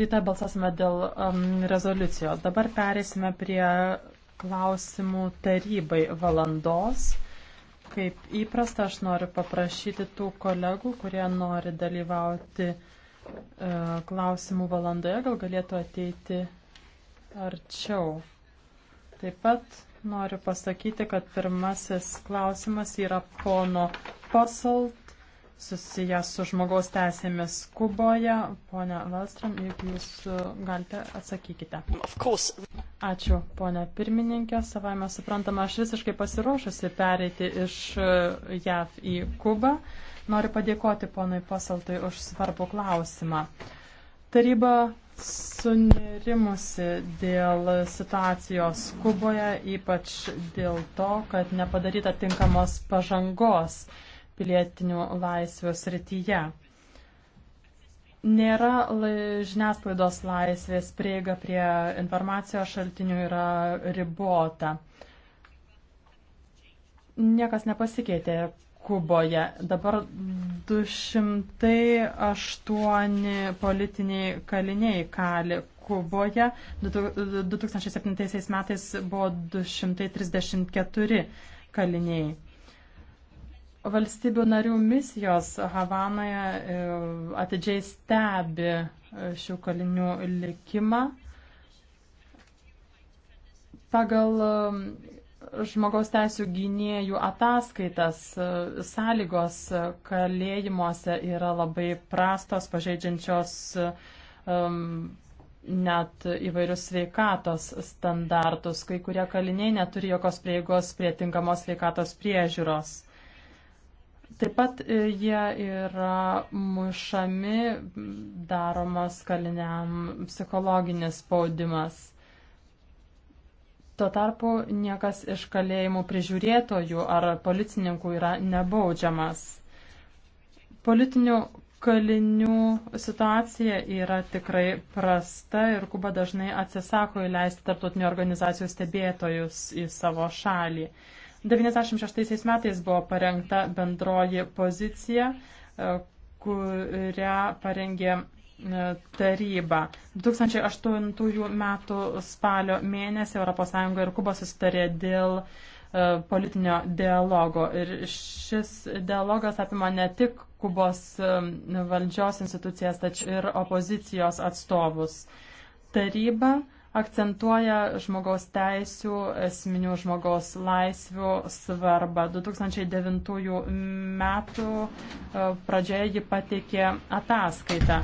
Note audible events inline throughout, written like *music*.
Rytoj balsasime dėl um, rezoliucijos. Dabar perėsime prie klausimų tarybai valandos. Kaip įprasta, aš noriu paprašyti tų kolegų, kurie nori dalyvauti e, klausimų valandoje, gal galėtų ateiti arčiau. Taip pat noriu pasakyti, kad pirmasis klausimas yra pono Posalt susijęs su žmogaus teisėmis Kuboje. Pone Valstrom, jeigu jūs e, galite, atsakykite. Ačiū, ponė pirmininkė. Savai mes suprantame, aš visiškai pasiruošusi pereiti iš e, JAV į Kubą. Noriu padėkoti ponui Pasaltui už svarbų klausimą. Taryba sunerimusi dėl situacijos Kuboje, ypač dėl to, kad nepadaryta tinkamos pažangos pilietinių laisvių srityje. Nėra lai, žiniasklaidos laisvės, prieiga prie informacijos šaltinių yra ribota. Niekas nepasikeitė Kuboje. Dabar 208 politiniai kaliniai kali Kuboje. 2007 metais buvo 234 kaliniai. Valstybių narių misijos Havanoje e, atidžiai stebi e, šių kalinių likimą. Pagal e, žmogaus teisų gynėjų ataskaitas sąlygos kalėjimuose yra labai prastos, pažeidžiančios um, net įvairius sveikatos standartus. Kai kurie kaliniai neturi jokios prieigos prie tinkamos sveikatos priežiūros. Taip pat e, jie yra mušami, daromas kaliniam psichologinis spaudimas. Tuo tarpu niekas iš kalėjimų prižiūrėtojų ar policininkų yra nebaudžiamas. Politinių kalinių situacija yra tikrai prasta ir Kuba dažnai atsisako įleisti tarptautinių organizacijų stebėtojus į savo šalį. 96 metais buvo parengta bendroji pozicija, e, kurią parengė e, taryba. 2008 metų spalio mėnesį ES ir Kuba sustarė dėl e, politinio dialogo. Ir šis dialogas apima ne tik Kubos valdžios institucijas, tačiau ir opozicijos atstovus. Taryba akcentuoja žmogaus teisių, esminių žmogaus laisvių svarbą. 2009 metų e, pradžioje ji pateikė ataskaitą.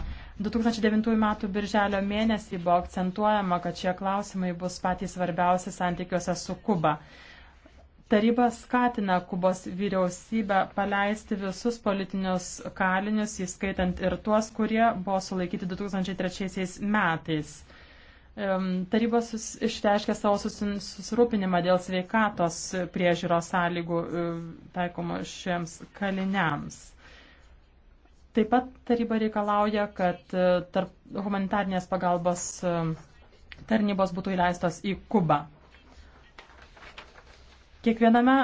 2009 metų birželio mėnesį buvo akcentuojama, kad šie klausimai bus patys svarbiausi santykiuose su Kuba. Taryba skatina Kubos vyriausybę paleisti visus politinius kalinius, įskaitant ir tuos, kurie buvo sulaikyti 2003 metais. Taryba sus, išreiškė savo susirūpinimą dėl sveikatos priežiūros sąlygų e, taikomų šiems kaliniams. Taip pat taryba reikalauja, kad e, tarp humanitarnės pagalbos e, tarnybos būtų įleistos į Kubą. Kiekviename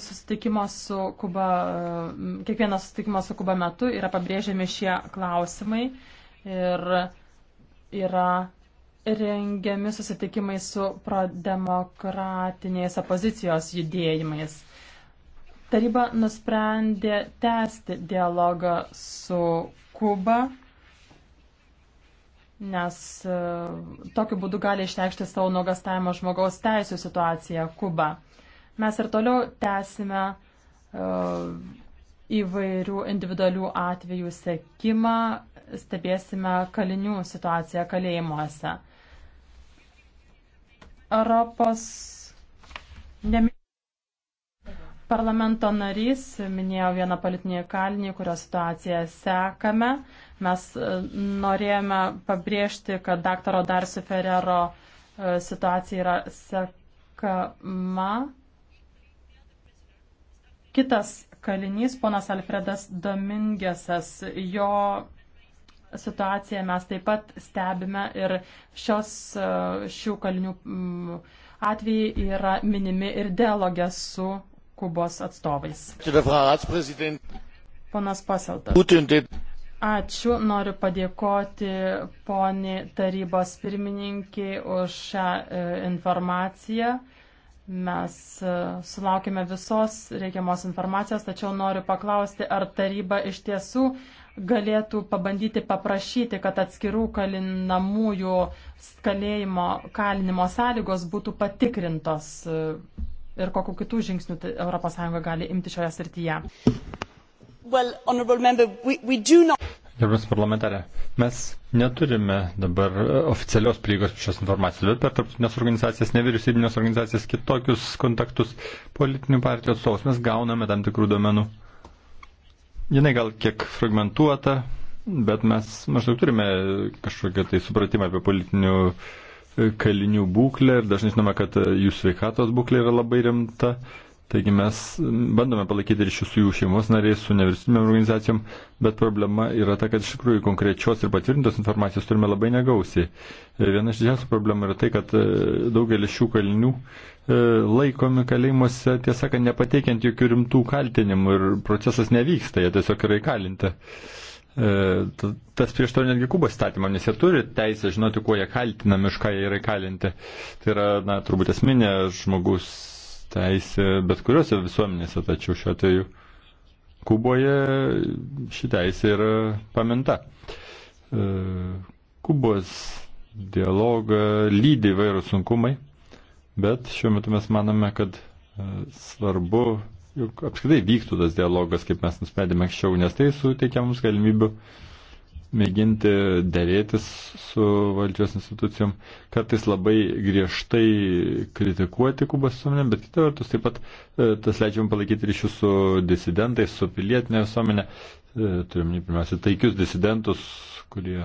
susitikimo su Kuba, kiekvieno susitikimo su Kuba metu yra pabrėžiami šie klausimai ir yra rengiami susitikimai su prodemokratiniais opozicijos judėjimais. Taryba nusprendė tęsti dialogą su Kuba, nes e, tokiu būdu gali išreikšti savo nuogastavimo žmogaus teisų situaciją Kuba. Mes ir toliau tęsime e, įvairių individualių atvejų sekimą, stebėsime kalinių situaciją kalėjimuose. Europos parlamento narys, minėjau vieną politinį kalinį, kurio situaciją sekame. Mes e, norėjome pabrėžti, kad daktaro Darsi Ferrero e, situacija yra sekama. Kitas kalinys, ponas Alfredas Domingesas, jo situaciją mes taip pat stebime ir šios e, šių kalinių atvejai yra minimi ir dialogė su Kubos atstovais. Ponas Paseltas. Ačiū, noriu padėkoti poni tarybos pirmininkiai už šią e, informaciją. Mes e, sulaukime visos reikiamos informacijos, tačiau noriu paklausti, ar taryba iš tiesų galėtų pabandyti paprašyti, kad atskirų kalinamųjų kalėjimo kalinimo sąlygos būtų patikrintos e, ir kokiu kitų žingsnių tai ES gali imti šioje srityje. Well, member, we, we not... Gerbės parlamentarė, mes neturime dabar e, oficialios prieigos šios informacijos, bet per tarptautinės organizacijas, nevyriausybinės organizacijas, kitokius kontaktus politinių partijų atstovus mes gauname tam tikrų domenų jinai gal kiek fragmentuota, bet mes maždaug turime kažkokią tai supratimą apie politinių e, kalinių būklę ir dažnai žinome, kad e, jų sveikatos būklė yra labai rimta. Uh, Taigi mes bandome palaikyti ryšius su jų šeimos nariais, su nevyriausybinėm organizacijom, bet problema yra ta, kad iš tikrųjų konkrečios ir patvirtintos informacijos turime labai negausiai. Viena iš didžiausių problemų yra tai, kad e, daugelis šių kalinių e, laikomi kalėjimuose, tiesą sakant, nepateikiant jokių rimtų kaltinimų ir procesas nevyksta, jie tiesiog yra įkalinti. E, tas prieš to netgi Kubos statymą, nes jie turi teisę žinoti, kuo jie kaltinami, už ką jie yra įkalinti. Tai yra, na, turbūt esminė žmogus teisė bet kuriuose visuomenėse, tačiau šiuo atveju Kuboje ši teisė yra paminta. E, Kubos dialogą lydi vairūs sunkumai, bet šiuo metu mes manome, kad e, svarbu, jog apskritai vyktų tas dialogas, kaip mes nusprendėme anksčiau, nes tai suteikia mums galimybių uh, mėginti dėrėtis su valdžios institucijom, kartais labai griežtai kritikuoti Kubos visuomenę, bet kita vertus taip pat e, tas leidžiam palaikyti ryšius su disidentais, su pilietinė visuomenė, e, turime pirmiausia taikius disidentus, kurie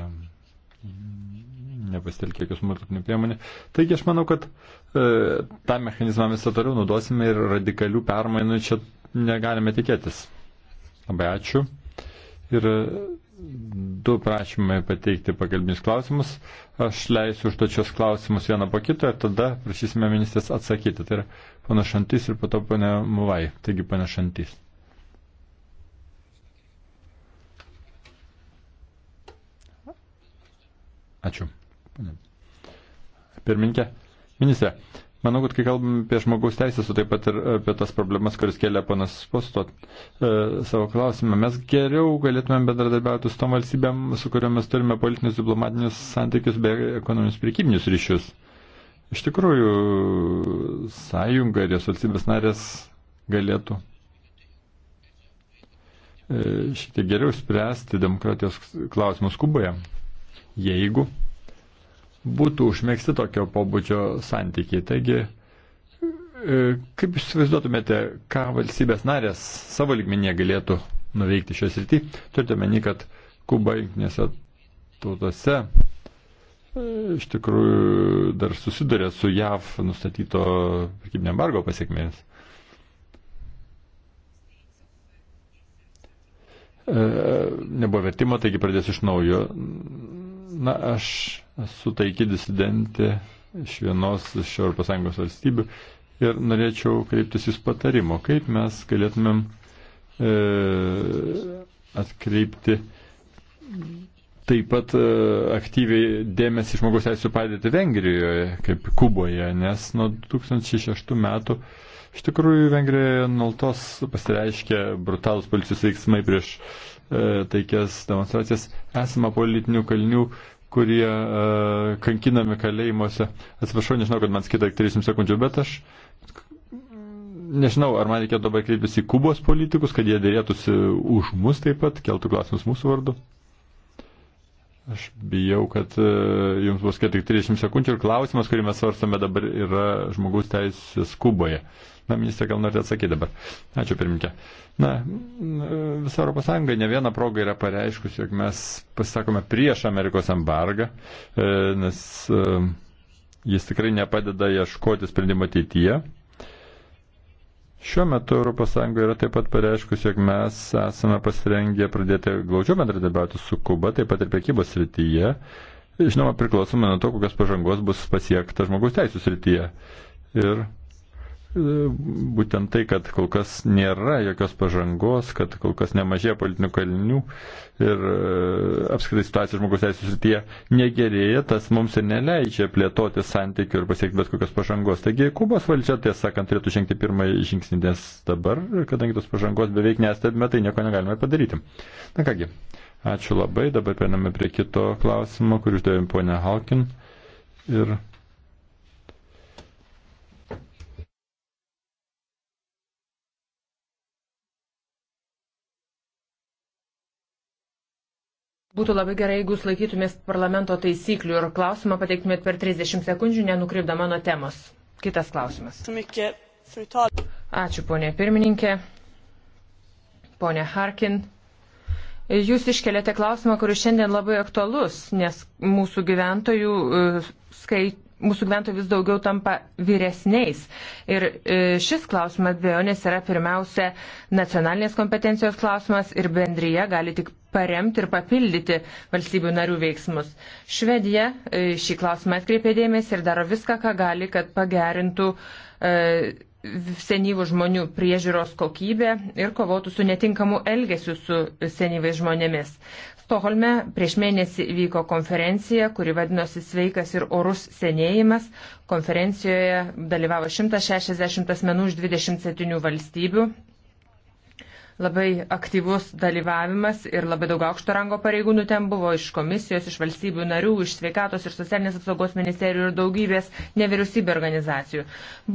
nepasitelkė jokių smurtinių priemonių. Taigi aš manau, kad e, tą mechanizmą mes toliau naudosime ir radikalių permainų čia negalime tikėtis. Labai ačiū. Ir du prašymai pateikti pakalbinius klausimus. Aš leisiu užduoti šios klausimus vieną po kito ir tada prašysime ministrės atsakyti. Tai yra panašantis ir po to pane Muvai. Taigi panašantis. Ačiū. Pirminkė. Ministrė, Manau, kad kai kalbame apie žmogaus teisės, o taip pat ir apie tas problemas, kuris kelia panas posto e, savo klausimą, mes geriau galėtume bendradarbiauti su tom valstybėm, su kuriomis turime politinius diplomatinius santykius bei ekonominius prekybinius ryšius. Iš tikrųjų, sąjunga ir jos valstybės narės galėtų e, šitie geriau spręsti demokratijos klausimus Kuboje, jeigu būtų užmėgsti tokio pobūdžio santykiai. Taigi, e, kaip jūs vaizduotumėte, ką valstybės narės savo ligmenyje galėtų nuveikti šios rytį? Turite meni, kad Kuba jungtinėse tautose e, iš tikrųjų dar susiduria su JAV nustatyto prekybinio embargo pasiekmėmis. E, nebuvo vertimo, taigi pradėsiu iš naujo. Na, aš esu taiki disidentė iš vienos iš ES valstybių ir norėčiau kreiptis jūs patarimo, kaip mes galėtumėm e, atkreipti taip pat e, aktyviai dėmesį žmogaus teisų padėti Vengrijoje, kaip Kuboje, nes nuo 2006 metų iš tikrųjų Vengrijoje nuolatos pasireiškia brutalus policijos veiksmai prieš E, taikias demonstracijas. Esama politinių kalinių, kurie e, kankinami kalėjimuose. Atsiprašau, nežinau, kad man skita 30 sekundžių, bet aš nežinau, ar man reikėtų dabar kreiptis į Kubos politikus, kad jie dėrėtųsi už mus taip pat, keltų klausimus mūsų vardu. Aš bijau, kad e, jums bus skirti 30 sekundžių ir klausimas, kurį mes svarstame dabar, yra žmogus teisės Kuboje. E, Na, ministrė, gal norite atsakyti dabar. Ačiū, pirmininkė. Na, visa ES ne vieną progą yra pareiškusi, jog mes pasisakome prieš Amerikos embargą, e, nes e, jis tikrai nepadeda ieškoti sprendimo ateityje. Šiuo metu ES yra taip pat pareiškusi, jog mes esame pasirengę pradėti glaudžiau bendradarbiauti su Kuba, taip pat ir prekybos srityje. Žinoma, priklausomai nuo to, kokios pažangos bus pasiekta žmogaus teisų srityje. Ir būtent tai, kad kol kas nėra jokios pažangos, kad kol kas nemažėja politinių kalinių ir e, apskritai situacija žmogus teisų srityje negerėja, tas mums ir neleidžia plėtoti santykių ir pasiekti bet kokios pažangos. Taigi Kubos valdžia, tiesą sakant, turėtų žengti pirmąjį žingsnį, nes dabar, kadangi tos pažangos beveik nestebime, tai nieko negalime padaryti. Na kągi, ačiū labai, dabar periname prie kito klausimo, kurį uždavėm ponę Halkin. Ir Būtų labai gerai, jeigu jūs laikytumės parlamento taisyklių ir klausimą pateiktumėt per 30 sekundžių, nenukrypdama nuo temos. Kitas klausimas. Ačiū, ponė pirmininkė. Ponė Harkin. Jūs iškelėte klausimą, kuris šiandien labai aktualus, nes mūsų gyventojų, e, skai, mūsų gyventojų vis daugiau tampa vyresniais. Ir e, šis klausimas, be jo, nes yra pirmiausia nacionalinės kompetencijos klausimas ir bendryje gali tik paremti ir papildyti valstybių narių veiksmus. Švedija e, šį klausimą atkreipė dėmesį ir daro viską, ką gali, kad pagerintų e, senyvų žmonių priežiūros kokybę ir kovotų su netinkamu elgesiu su senyvais žmonėmis. Stoholme prieš mėnesį vyko konferencija, kuri vadinosi Sveikas ir orus senėjimas. Konferencijoje dalyvavo 160 asmenų iš 27 valstybių. Labai aktyvus dalyvavimas ir labai daug aukšto rango pareigūnų ten buvo iš komisijos, iš valstybių narių, iš sveikatos ir socialinės apsaugos ministerijų ir daugybės nevyriausybė organizacijų.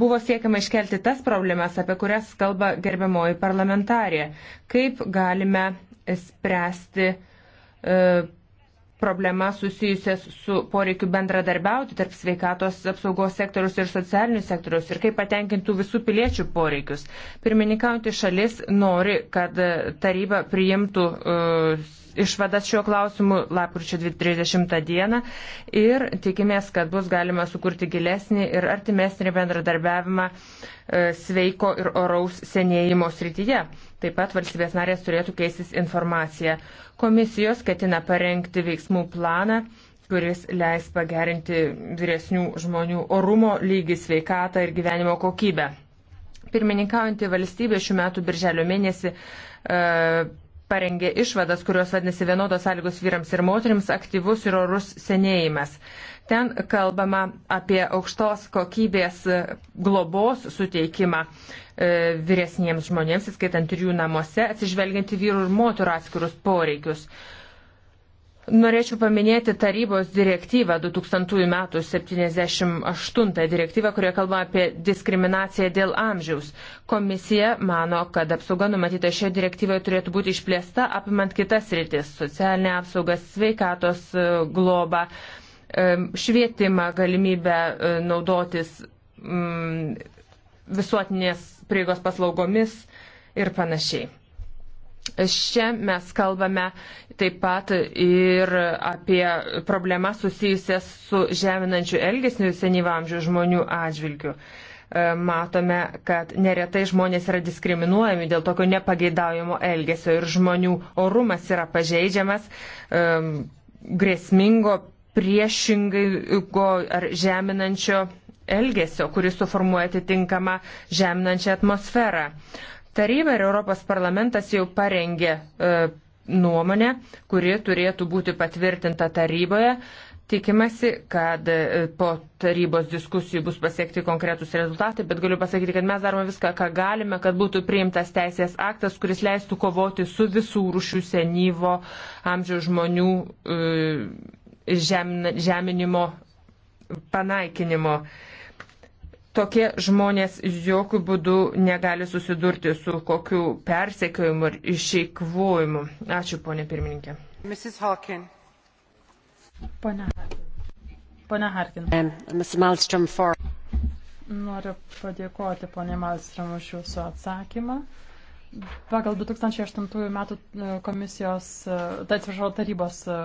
Buvo siekiama iškelti tas problemas, apie kurias kalba gerbiamoji parlamentarė. Kaip galime spręsti. E, problemas susijusias su poreikiu bendradarbiauti tarp sveikatos apsaugos sektorius ir socialinių sektorius ir kaip patenkintų visų piliečių poreikius. Pirmininkauti šalis nori, kad e, taryba priimtų uh, išvadas šiuo klausimu lapkričio 30 dieną ir tikimės, kad bus galima sukurti gilesnį ir artimesnį bendradarbiavimą uh, sveiko ir oraus senėjimo srityje. Taip pat valstybės narės turėtų keistis informaciją. Komisijos ketina parengti veiksmų planą, kuris leis pagerinti vyresnių žmonių orumo lygį, sveikatą ir gyvenimo kokybę. Pirmininkaujantį valstybę šių metų birželio mėnesį e, parengė išvadas, kurios vadinasi vienodos sąlygos vyrams ir moteriams, aktyvus ir orus senėjimas. E, Ten kalbama apie aukštos kokybės globos suteikimą e, vyresniems žmonėms, įskaitant ir jų namuose, atsižvelgiant į vyrų ir moterų atskirus poreikius. Norėčiau paminėti tarybos direktyvą 2000 metų 78 direktyvą, kurioje kalba apie diskriminaciją dėl amžiaus. Komisija mano, kad apsauga numatyta šioje direktyvoje turėtų būti išplėsta apimant kitas rytis - socialinę apsaugą, sveikatos e, globą, švietimą, galimybę e, naudotis mm, visuotinės prieigos paslaugomis ir panašiai. Čia mes kalbame taip pat ir apie problemą susijusias su žeminančiu elgesniu senyvamžių žmonių atžvilgiu. E, matome, kad neretai žmonės yra diskriminuojami dėl tokio nepageidaujamo elgesio ir žmonių orumas yra pažeidžiamas grėsmingo priešingai ar žeminančio elgesio, kuris suformuoja atitinkamą žeminančią atmosferą. Taryba ir Europos parlamentas jau parengė e, nuomonę, kuri turėtų būti patvirtinta taryboje. Tikimasi, kad e, po tarybos diskusijų bus pasiekti konkretus rezultatai, bet galiu pasakyti, kad mes darome viską, ką galime, kad būtų priimtas teisės aktas, kuris leistų kovoti su visų rušių senyvo amžiaus žmonių e, žem, žeminimo panaikinimo. Tokie žmonės jokių būdų negali susidurti su kokiu persekiojimu ir išeikvojimu. Ačiū, ponė pirmininkė. Mrs. Hawkin. Pone, pone Harkin. Mr. Um, Malmström for. Noriu padėkoti ponė Malmström už jūsų atsakymą. Pagal 2008 metų e, komisijos, e, tai atsiprašau, tarybos e,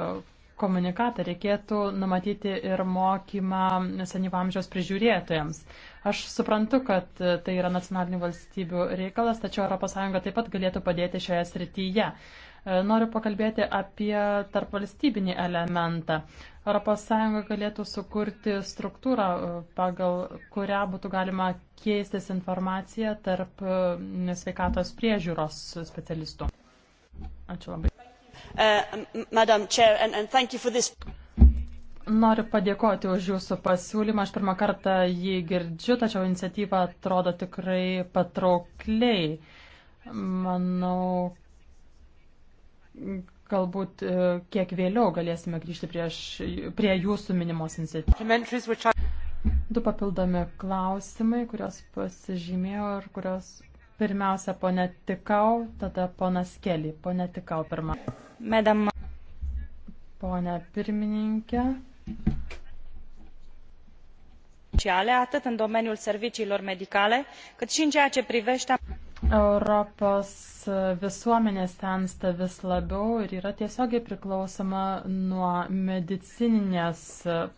komunikatą reikėtų numatyti ir mokymą senyvamžiaus prižiūrėtojams. Aš suprantu, kad tai yra nacionalinių valstybių reikalas, tačiau ES taip pat galėtų padėti šioje srityje. E, noriu pakalbėti apie tarpvalstybinį elementą. ES galėtų sukurti struktūrą, e, pagal kurią būtų galima keistis informaciją tarp e, sveikatos priežiūros specialistų. Ačiū labai. Uh, Madam Chair, and, and thank you for this. Noriu padėkoti už jūsų pasiūlymą. Aš pirmą kartą jį girdžiu, tačiau iniciatyva atrodo tikrai patraukliai. Manau, galbūt e, kiek vėliau galėsime grįžti prieš, prie jūsų minimos iniciatyvos. Du papildomi klausimai, kurios pasižymėjau ir kurios Pirmiausia, ponė Tikau, tada ponas Kelly. Ponė Tikau pirmą. Medam. Ponė pirmininkė. Ciale, atât în domeniul serviciilor medicale, cât și în ceea ce privește. Europos visuomenė sensta vis labiau ir yra tiesiogiai priklausoma nuo medicininės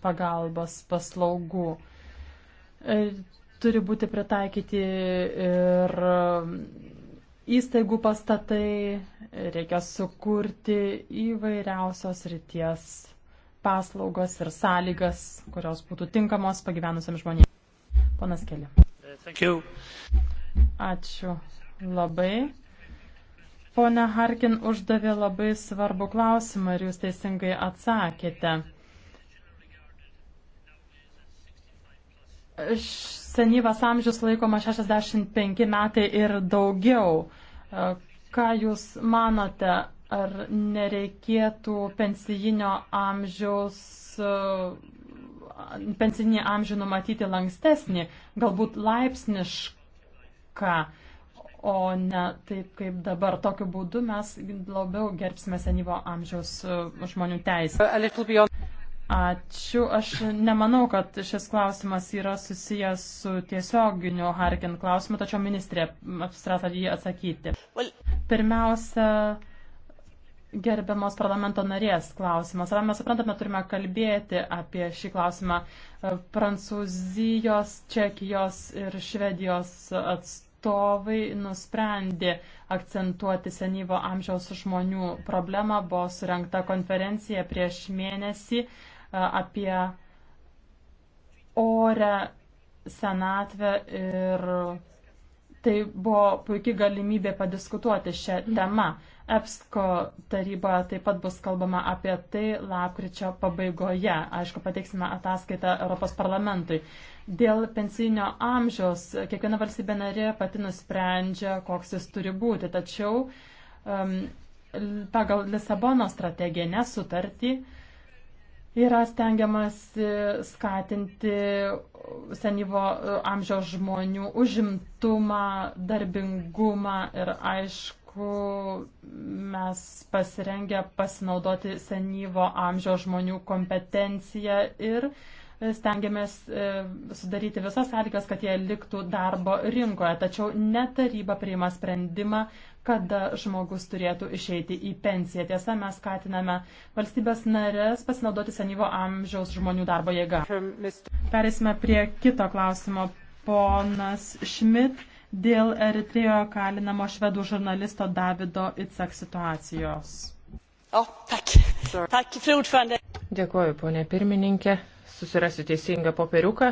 pagalbos paslaugų. Turi būti pritaikyti ir įstaigų pastatai, reikia sukurti įvairiausios ryties paslaugos ir sąlygas, kurios būtų tinkamos pagyvenusiam žmonėms. Ponas Keli. Ačiū labai. Pone Harkin uždavė labai svarbų klausimą ir jūs teisingai atsakėte. senyvas amžius laikoma 65 metai ir daugiau. E, ką Jūs manote, ar nereikėtų pensijinio amžiaus, e, pensijinį amžių numatyti lankstesnį, galbūt laipsnišką, o ne taip kaip dabar. Tokiu būdu mes labiau gerbsime senyvo amžiaus e, žmonių teisę. Ačiū. Aš nemanau, kad šis klausimas yra susijęs su tiesioginiu Harkin klausimu, tačiau ministrė apsistrato jį atsakyti. Pirmiausia, gerbiamos parlamento narės klausimas. Ar mes suprantame, turime kalbėti apie šį klausimą Prancūzijos, Čekijos ir Švedijos atstovų atstovai nusprendė akcentuoti senyvo amžiaus žmonių problemą. Buvo surinkta konferencija prieš mėnesį apie orę senatvę ir tai buvo puikia galimybė padiskutuoti šią temą. EPSCO taryboje taip pat bus kalbama apie tai lapkričio pabaigoje. Aišku, pateiksime ataskaitą Europos parlamentui. Dėl pensinio amžiaus kiekviena valstybė narė pati nusprendžia, koks jis turi būti. Tačiau um, pagal Lisabono strategiją nesutartį uh, yra stengiamas e, skatinti senyvo e, amžiaus žmonių užimtumą, darbingumą ir aišku, mes pasirengę pasinaudoti senyvo amžiaus žmonių kompetenciją ir e, stengiamės sudaryti visas sąlygas, kad jie liktų darbo rinkoje. Tačiau netaryba priima sprendimą kada žmogus turėtų išeiti į pensiją. Tiesa, mes skatiname valstybės narės pasinaudoti senyvo amžiaus žmonių darbo jėgą. Perėsime prie kito klausimo. Ponas Šmit dėl Eritrijoje kalinamo švedų žurnalisto Davido Itsak situacijos. O, tak. Tak, Dėkuoju, ponė pirmininkė. Susirasiu teisingą popieriuką.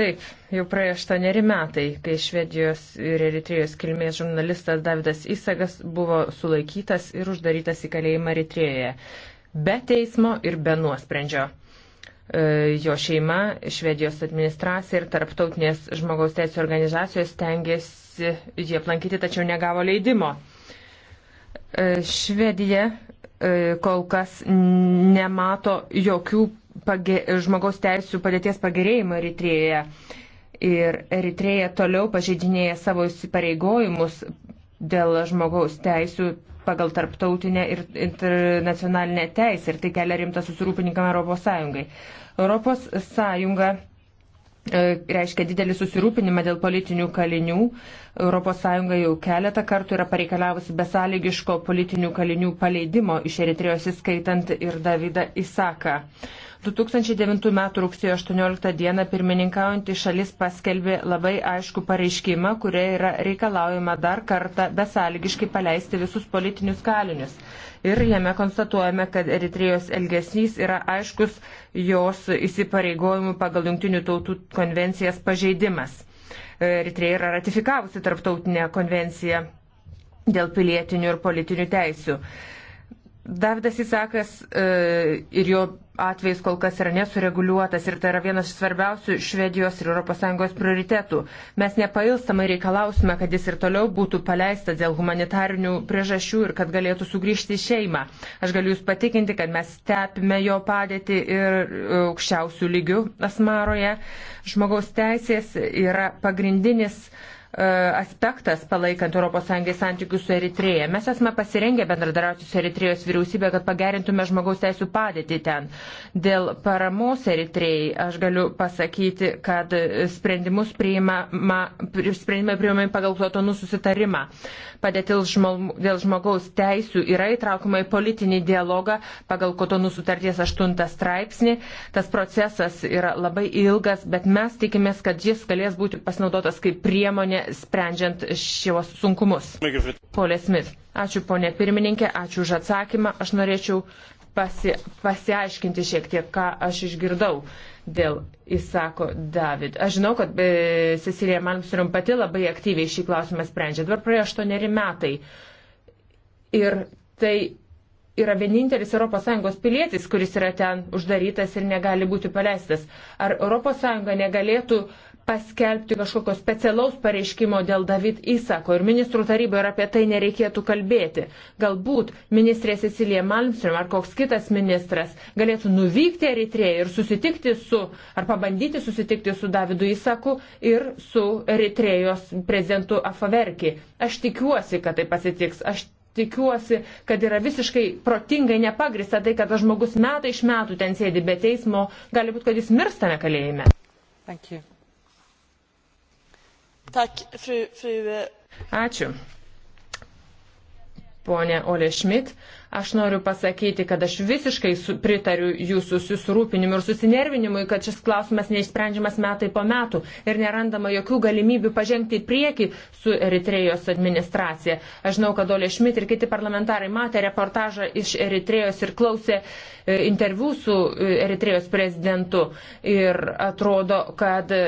Taip, jau praėjo aštuoneri metai, kai Švedijos ir Eritrijos kilmės žurnalistas Davidas Įsagas buvo sulaikytas ir uždarytas į kalėjimą Eritrijoje. Be teismo ir be nuosprendžio. E, jo šeima, Švedijos administracija ir tarptautinės žmogaus teisų organizacijos tengiasi jį aplankyti, tačiau negavo leidimo. E, Švedija e, kol kas nemato jokių page, žmogaus teisų padėties pagerėjimo Eritrėje. Ir Eritrėja toliau pažeidinėja savo įsipareigojimus dėl žmogaus teisų pagal tarptautinę ir internacionalinę teisę ir tai kelia rimtą susirūpinimą Europos Sąjungai. Europos Sąjunga e, reiškia didelį susirūpinimą dėl politinių kalinių. ES jau keletą kartų yra pareikalavusi besąlygiško politinių kalinių paleidimo iš Eritrijos, įskaitant ir Davidą Isaką. 2009 m. rugsėjo 18 d. pirmininkaujantį šalis paskelbė labai aišku pareiškimą, kurie yra reikalaujama dar kartą besąlygiškai paleisti visus politinius kalinius. Ir jame konstatuojame, kad Eritrijos elgesnys yra aiškus jos įsipareigojimų pagal Junktinių tautų konvencijas pažeidimas. Eritrija yra ratifikavusi tarptautinę konvenciją dėl pilietinių ir politinių teisių. Davidas Isakas e, ir jo atvejs kol kas yra nesureguliuotas ir tai yra vienas iš svarbiausių Švedijos ir ES prioritetų. Mes nepailstamai reikalausime, kad jis ir toliau būtų paleistas dėl humanitarinių priežasčių ir kad galėtų sugrįžti į šeimą. Aš galiu Jūs patikinti, kad mes stepime jo padėtį ir e, aukščiausių lygių Asmaroje. Žmogaus teisės yra pagrindinis uh, E, aspektas palaikant ES santykius su Eritreja. Mes esame pasirengę bendradarauti su Eritrejos vyriausybė, kad pagerintume žmogaus teisų padėtį ten. Dėl paramos Eritrejai aš galiu pasakyti, kad sprendimus priima, sprendimai priimami pagal plotonų susitarimą. Padėtis dėl žmogaus teisų yra įtraukama į politinį dialogą pagal kotonų sutarties 8 straipsnį. Tas procesas yra labai ilgas, bet mes tikimės, kad jis galės būti pasinaudotas kaip priemonė vaidmenį sprendžiant šios sunkumus. Polė Smith. Ačiū ponė pirmininkė, ačiū už atsakymą. Aš norėčiau pasi, pasiaiškinti šiek tiek, ką aš išgirdau dėl įsako David. Aš žinau, kad e, Cecilija Malmström pati labai aktyviai šį klausimą sprendžia. Dabar praėjo aštuoneri metai. Ir tai yra vienintelis ES pilietis, kuris yra ten uždarytas ir negali būti paleistas. Ar ES negalėtų paskelbti kažkokio specialaus pareiškimo dėl David įsako ir ministrų taryboje apie tai nereikėtų kalbėti. Galbūt ministrė Cecilija Malmström ar koks kitas ministras galėtų nuvykti Eritrėje ir susitikti su, ar pabandyti susitikti su Davidu įsaku ir su Eritrėjos prezidentu Afaverki. Aš tikiuosi, kad tai pasitiks. Aš tikiuosi, kad yra visiškai protingai nepagrista tai, kad tas žmogus metai iš metų ten sėdi be teismo, gali būti, kad jis mirstame kalėjime. Thank you. Tak, fru, fru. Eh, Ačiū. Pone Ole Šmit, aš noriu pasakyti, kad aš visiškai pritariu jūsų susirūpinimu ir susinervinimui, kad šis klausimas neišsprendžiamas metai po metų ir nerandama jokių galimybių pažengti į priekį su Eritrejos administracija. Aš žinau, kad Ole Šmit ir kiti parlamentarai matė reportažą iš Eritrejos ir klausė e, interviu su e, Eritrejos prezidentu ir atrodo, kad e,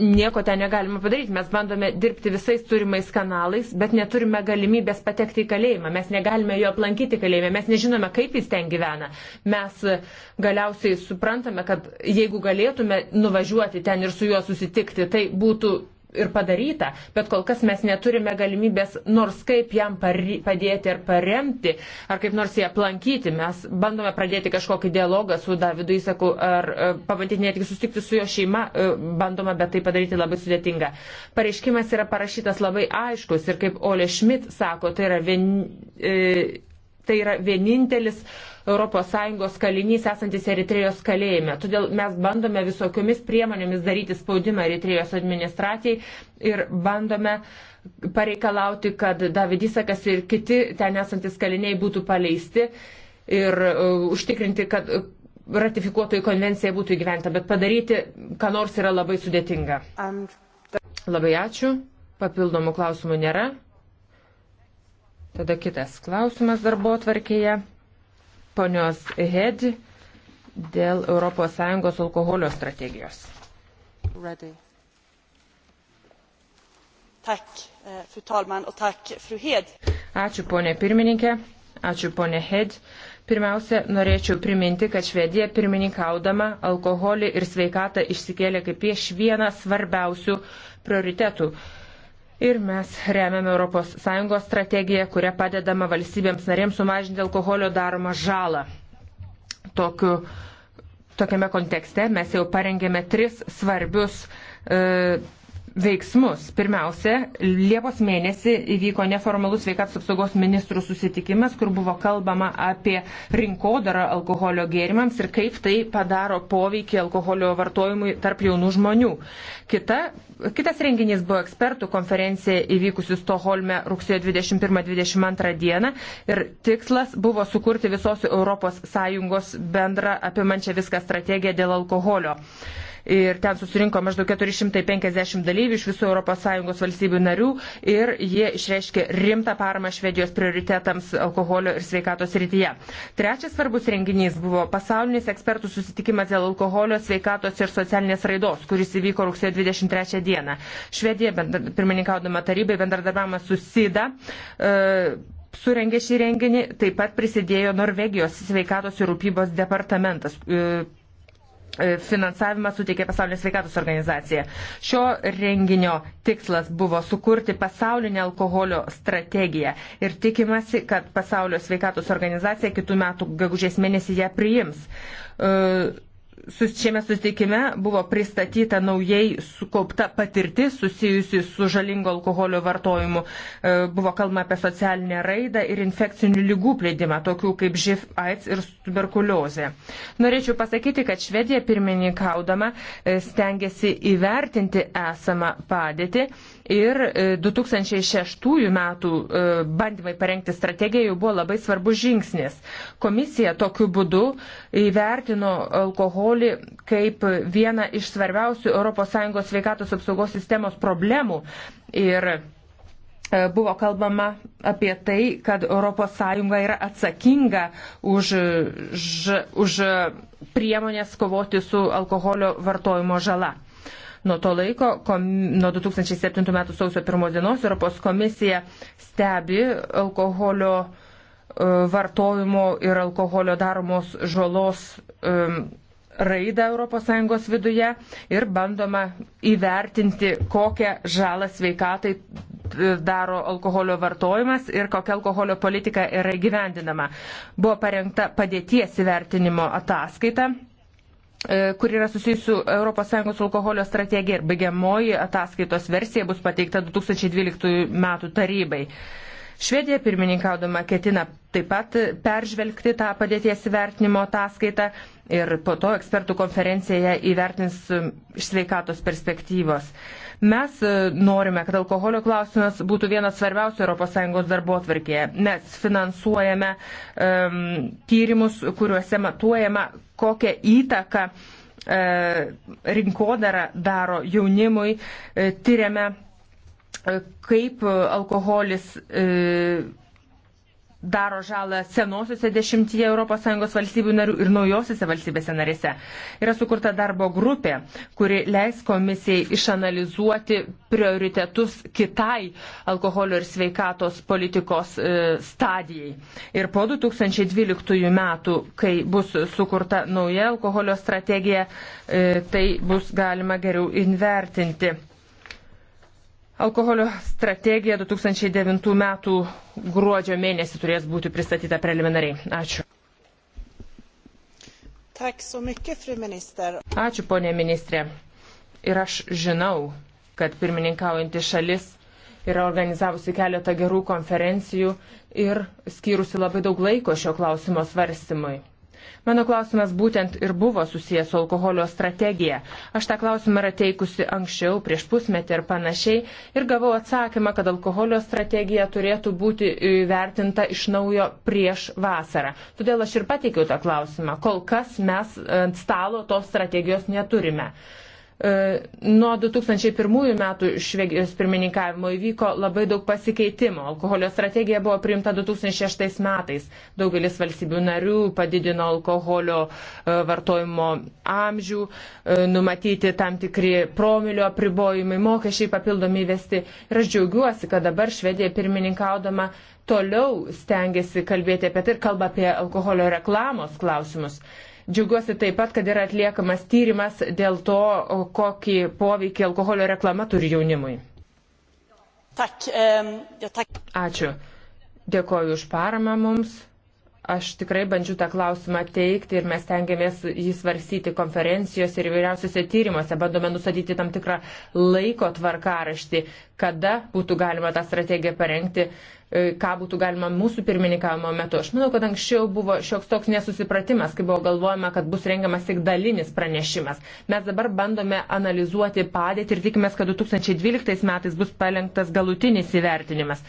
nieko ten negalima padaryti. Mes bandome dirbti visais turimais kanalais, bet neturime galimybės patekti į kalėjimą. Mes negalime jo aplankyti kalėjime, mes nežinome, kaip jis ten gyvena. Mes e, galiausiai suprantame, kad jeigu galėtume nuvažiuoti ten ir su juo susitikti, tai būtų ir padaryta, bet kol kas mes neturime galimybės nors kaip jam padėti ar paremti, ar kaip nors jį aplankyti. Mes bandome pradėti kažkokį dialogą su Davidu Įsaku ar e, pabandyti netgi susitikti su jo šeima, e, bandoma, bet tai padaryti labai sudėtinga. Pareiškimas yra parašytas labai aiškus ir kaip Ole Schmidt sako, tai yra, vien, e, tai yra vienintelis ES kalinys esantis Eritrejos kalėjime. Todėl mes bandome visokiomis priemonėmis daryti spaudimą Eritrejos administracijai ir bandome pareikalauti, kad Davidisakas ir kiti ten esantis kaliniai būtų paleisti ir uh, užtikrinti, kad uh, ratifikuotojų konvencija būtų įgyventa, bet padaryti, ką nors yra labai sudėtinga. Labai ačiū, papildomų klausimų nėra. Tada kitas klausimas darbo atvarkėje ponios Hed dėl ES alkoholio strategijos. Ready. Tak, eh, fru talman, o tak, fru Hed. Ačiū ponė pirmininkė, ačiū ponė Hed. Pirmiausia, norėčiau priminti, kad Švedija pirmininkaudama alkoholį ir sveikatą išsikėlė kaip prieš vieną svarbiausių prioritetų Ir mes remiame ES strategiją, kuria padedama valstybėms narėms sumažinti alkoholio daromą žalą. Tokiu, tokiame kontekste mes jau parengėme tris svarbius e, veiksmus. Pirmiausia, Liepos mėnesį įvyko neformalus sveikatos apsaugos ministrų susitikimas, kur buvo kalbama apie rinkodarą alkoholio gėrimams ir kaip tai padaro poveikį alkoholio vartojimui tarp jaunų žmonių. Kita, kitas renginys buvo ekspertų konferencija įvykusi Stoholme rugsėjo 21-22 dieną ir tikslas buvo sukurti visos ES bendrą apimančią viską strategiją dėl alkoholio ir ten susirinko maždaug 450 dalyvių iš visų ES valstybių narių ir jie išreiškė rimtą paramą Švedijos prioritetams alkoholio ir sveikatos rytyje. Trečias svarbus renginys buvo pasaulinis ekspertų susitikimas dėl alkoholio, sveikatos ir socialinės raidos, kuris įvyko rugsėjo 23 dieną. Švedija, pirmininkaudama tarybai, bendradarbiavama su SIDA. Uh, surengė šį renginį, taip pat prisidėjo Norvegijos sveikatos ir rūpybos departamentas. Uh, E, finansavimą suteikė Pasaulio sveikatos organizacija. Šio renginio tikslas buvo sukurti pasaulinę alkoholio strategiją ir tikimasi, kad Pasaulio sveikatos organizacija kitų metų gegužės mėnesį ją priims. E, Šiame susitikime buvo pristatyta naujai sukaupta patirtis susijusi su žalingo alkoholio vartojimu. E, buvo kalbama apie socialinę raidą ir infekcinių lygų plėdimą, tokių kaip živ, aids ir tuberkuliozė. Norėčiau pasakyti, kad Švedija pirmininkaudama e, stengiasi įvertinti esamą padėtį Ir 2006 e, metų e, bandymai parengti strategiją jau buvo labai svarbus žingsnis. Komisija tokiu būdu įvertino alkoholį kaip vieną iš svarbiausių ES sveikatos apsaugos sistemos problemų. Ir e, buvo kalbama apie tai, kad ES yra atsakinga už, už, už priemonės kovoti su alkoholio vartojimo žala. Nuo to laiko, kom, nuo 2007 m. sausio 1 dienos Europos komisija stebi alkoholio e, vartojimo ir alkoholio daromos žalos um, raidą ES viduje ir bandoma įvertinti, kokią žalą sveikatai e, daro alkoholio vartojimas ir kokia alkoholio politika yra gyvendinama. Buvo parengta padėties įvertinimo ataskaita E, kur yra susijusiu ES alkoholio strategija ir baigiamoji ataskaitos versija bus pateikta 2012 metų tarybai. Švedija pirmininkaudama ketina taip pat peržvelgti tą padėties įvertinimo ataskaitą ir po to ekspertų konferencijoje įvertins sveikatos perspektyvos. Mes e, norime, kad alkoholio klausimas būtų vienas svarbiausių ES darbo atvarkėje. Mes finansuojame um, tyrimus, kuriuose matuojama, kokią įtaką uh, rinkodara daro jaunimui, uh, e, tyriame, uh, kaip alkoholis. Uh, daro žalą senosiuose dešimtyje ES valstybių narių ir naujosiuose valstybėse narėse. Yra sukurta darbo grupė, kuri leis komisijai išanalizuoti prioritetus kitai alkoholio ir sveikatos politikos e, stadijai. Ir po 2012 metų, kai bus sukurta nauja alkoholio strategija, e, tai bus galima geriau invertinti Alkoholio strategija 2009 metų gruodžio mėnesį turės būti pristatyta preliminariai. Ačiū. Ačiū, ponė ministrė. Ir aš žinau, kad pirmininkaujanti šalis yra organizavusi keletą gerų konferencijų ir skyrusi labai daug laiko šio klausimo svarstymui. Mano klausimas būtent ir buvo susijęs su alkoholio strategija. Aš tą klausimą yra teikusi anksčiau, prieš pusmetį ir panašiai, ir gavau atsakymą, kad alkoholio strategija turėtų būti vertinta iš naujo prieš vasarą. Todėl aš ir pateikiau tą klausimą. Kol kas mes ant stalo tos strategijos neturime. E, nuo 2001 metų Švedijos pirmininkavimo įvyko labai daug pasikeitimų. Alkoholio strategija buvo priimta 2006 metais. Daugelis valstybių narių padidino alkoholio e, vartojimo amžių, e, numatyti tam tikri promilio apribojimai, mokesčiai papildomi įvesti. Ir aš džiaugiuosi, kad dabar Švedija pirmininkaudama toliau stengiasi kalbėti apie tai ir kalba apie alkoholio reklamos klausimus. Džiugiuosi taip pat, kad yra atliekamas tyrimas dėl to, kokį poveikį alkoholio reklama turi jaunimui. Ačiū. Dėkoju už paramą mums. Aš tikrai bandžiu tą klausimą teikti ir mes tengiamės jį svarstyti konferencijose ir įvairiausiose tyrimuose. Bandome nusadyti tam tikrą laiko tvarkaraštį, kada būtų galima tą strategiją parengti E, ką būtų galima mūsų pirmininkavimo metu. Aš manau, kad anksčiau buvo šioks toks nesusipratimas, kai buvo galvojama, kad bus rengiamas tik dalinis pranešimas. Mes dabar bandome analizuoti padėtį ir tikimės, kad 2012 metais bus palengtas galutinis įvertinimas.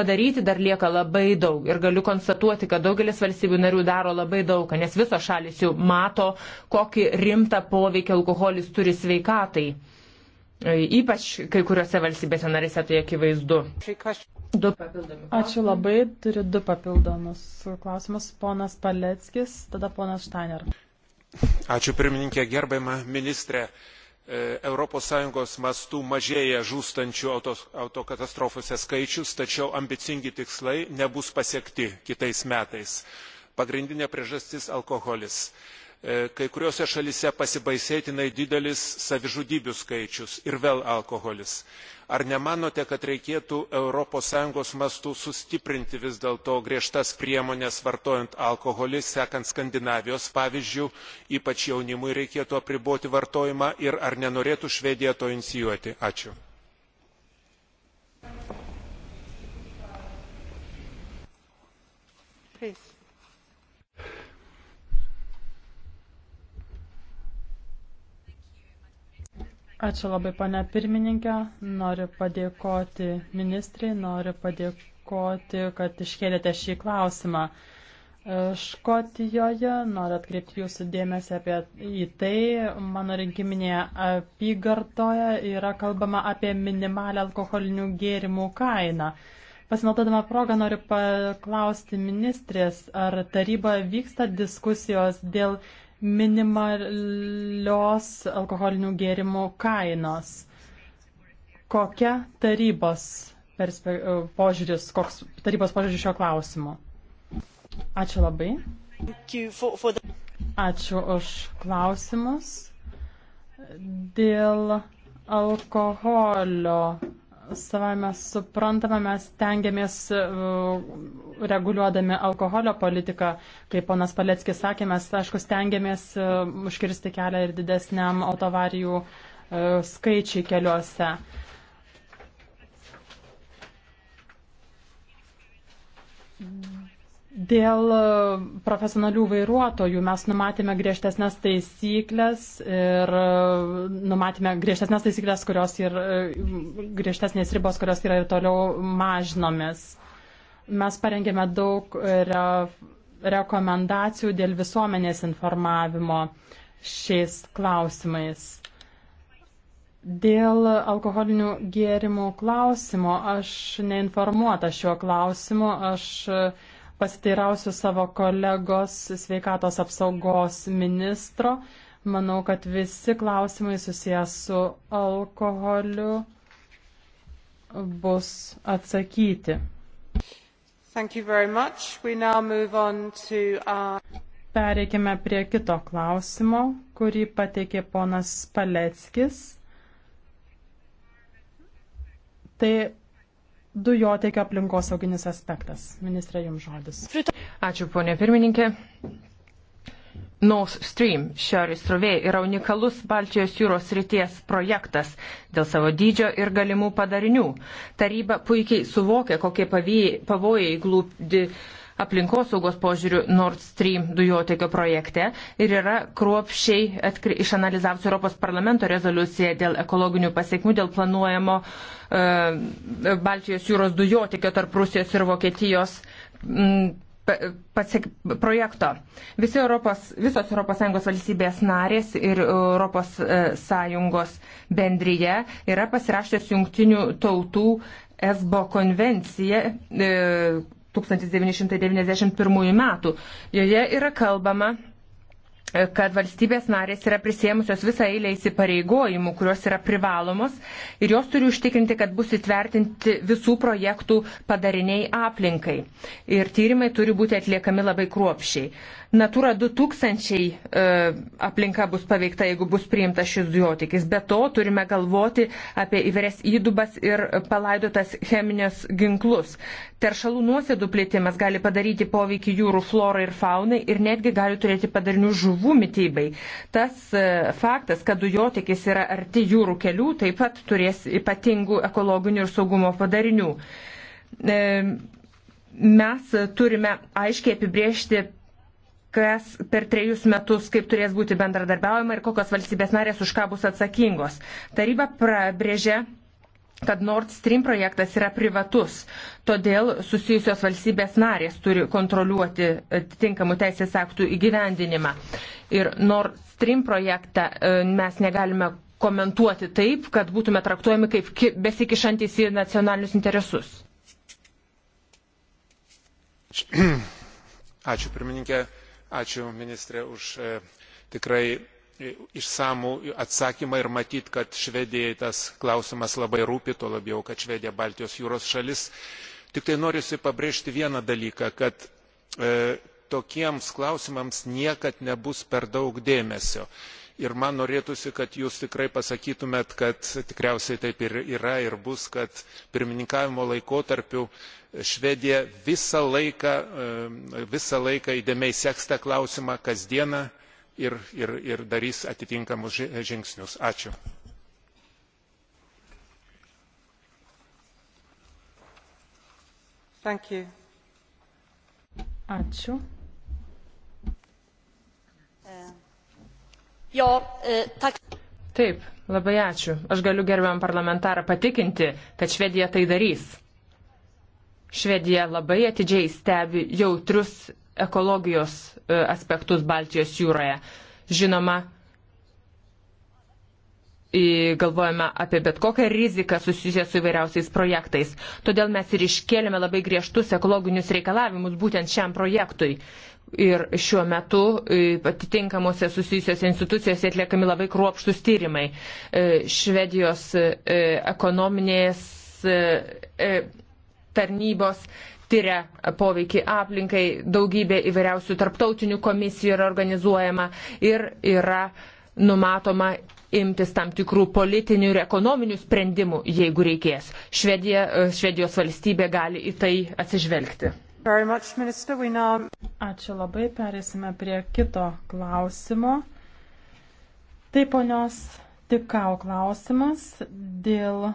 Padaryti dar lieka labai daug ir galiu konstatuoti, kad daugelis valstybių narių daro labai daug, nes visos šalis jau mato, kokį rimtą poveikį alkoholis turi sveikatai. E, ypač kai kuriuose valstybėse narėse tai akivaizdu. Du papildomi. Ačiū labai, turiu du papildomus klausimus. Ponas Paleckis, tada ponas Štainer. Ačiū pirmininkė, gerbaima ministrė. ES mastų mažėja žūstančių autokatastrofose auto skaičius, tačiau ambicingi tikslai nebus pasiekti kitais metais. Pagrindinė priežastis - alkoholis E, kai kuriuose šalise pasibaisėtinai didelis savižudybių skaičius ir vėl alkoholis. Ar nemanote, kad reikėtų ES mastų sustiprinti vis dėlto griežtas priemonės vartojant alkoholį, sekant Skandinavijos pavyzdžių, ypač jaunimui reikėtų apriboti vartojimą ir ar nenorėtų Švedija to inicijuoti? Ačiū. Please. Ačiū labai, pane pirmininkė. Noriu padėkoti ministrai, noriu padėkoti, kad iškėlėte šį klausimą. Škotijoje noriu atkreipti jūsų dėmesį apie į tai. Mano rinkiminėje apygardoje yra kalbama apie minimalę alkoholinių gėrimų kainą. Pasinaudodama progą noriu paklausti ministrės, ar taryba vyksta diskusijos dėl minimalios alkoholinių gėrimų kainos. Kokia tarybos perspe... E, požiūris, koks tarybos požiūris šio klausimu? Ačiū labai. Ačiū už klausimus. Dėl alkoholio savai mes suprantame, mes tengiamės uh, reguliuodami alkoholio politiką. Kaip ponas Paleckis sakė, mes, aišku, tengiamės uh, užkirsti kelią ir didesniam autovarijų uh, skaičiai keliuose. Dėl e, profesionalių vairuotojų mes numatėme griežtesnės taisyklės ir e, numatėme griežtesnės taisyklės, kurios ir e, griežtesnės ribos, kurios yra ir toliau mažinomis. Mes parengėme daug re, rekomendacijų dėl visuomenės informavimo šiais klausimais. Dėl alkoholinių gėrimų klausimo aš neinformuota šiuo klausimu. Aš uh, pasiteirausiu savo kolegos sveikatos apsaugos ministro. Manau, kad visi klausimai susijęs su alkoholiu bus atsakyti. Our... Uh, Pereikime prie kito klausimo, kurį pateikė ponas Paleckis. Tai dujotekio aplinkosauginis aspektas. Ministrė, jums žodis. Ačiū, ponė pirmininkė. Nord Stream šiaurės rovė yra unikalus Baltijos jūros ryties projektas dėl savo dydžio ir galimų padarinių. Taryba puikiai suvokė, kokie pavojai glūdi. Pavy aplinkosaugos požiūrių Nord Stream dujotekio projekte ir yra kruopšiai atkri, išanalizavusi Europos parlamento rezoliuciją dėl ekologinių pasiekmių, dėl planuojamo e, Baltijos jūros dujotekio tarp Rusijos ir Vokietijos. M, pasiek, projekto. Visi Europos, visos ES valstybės narės ir ES e, bendryje yra pasirašęs jungtinių tautų ESBO konvenciją, e, 1991 metų. Joje yra kalbama e, kad valstybės narės yra prisėmusios visą eilę įsipareigojimų, kurios yra privalomos ir jos turi užtikrinti, kad bus įtvertinti visų projektų padariniai aplinkai. Ir tyrimai turi būti atliekami labai kruopšiai. Natura 2000 e, aplinka bus paveikta, jeigu bus priimta šis dujotikis. Be to turime galvoti apie įvairias įdubas ir palaidotas cheminės ginklus. Teršalų nuosėdų plėtimas gali padaryti poveikį jūrų florai ir faunai ir netgi gali turėti padarinių žuvų mytybai. Tas e, faktas, kad dujotekis yra arti jūrų kelių, taip pat turės ypatingų ekologinių ir saugumo padarinių. E, mes turime aiškiai apibriežti kas per trejus metus, kaip turės būti bendradarbiaujama ir kokios valstybės narės už ką bus atsakingos. Taryba prabrėžė kad Nord Stream projektas yra privatus, todėl susijusios valstybės narės turi kontroliuoti atitinkamų teisės aktų įgyvendinimą. Ir Nord Stream projektą e, mes negalime komentuoti taip, kad būtume traktuojami kaip besikišantis į nacionalinius interesus. Ačiū pirmininkė, ačiū ministrė už e, tikrai išsamų atsakymą ir matyt, kad Švedijai tas klausimas labai rūpi, to labiau, kad Švedija Baltijos jūros šalis. Tik tai noriu pabrėžti vieną dalyką, kad e, tokiems klausimams niekad nebus per daug dėmesio. Ir man norėtųsi, kad jūs tikrai pasakytumėt, kad tikriausiai taip ir yra ir bus, kad pirmininkavimo laikotarpiu Švedija visą laiką, e, visą laiką įdėmiai seks tą klausimą, kasdieną ir, ir, ir darys atitinkamus žingsnius. Ačiū. Ačiū. Uh, jo, uh, tak... Taip, labai ačiū. Aš galiu gerbiam parlamentarą patikinti, kad Švedija tai darys. Švedija labai atidžiai stebi jautrius ekologijos e, aspektus Baltijos jūroje. Žinoma, galvojame apie bet kokią riziką susijusią su įvairiausiais projektais. Todėl mes ir iškėlėme labai griežtus ekologinius reikalavimus būtent šiam projektui. Ir šiuo metu e, atitinkamuose susijusiuose institucijose atliekami labai kruopštus tyrimai. E, Švedijos ekonominės tarnybos tyria poveikį aplinkai, daugybė įvairiausių tarptautinių komisijų yra organizuojama ir yra numatoma imtis tam tikrų politinių ir ekonominių sprendimų, jeigu reikės. Švedija, e, Švedijos valstybė gali į tai atsižvelgti. Much, minister, know... Ačiū labai, perėsime prie kito klausimo. Tai ponios Tikau klausimas dėl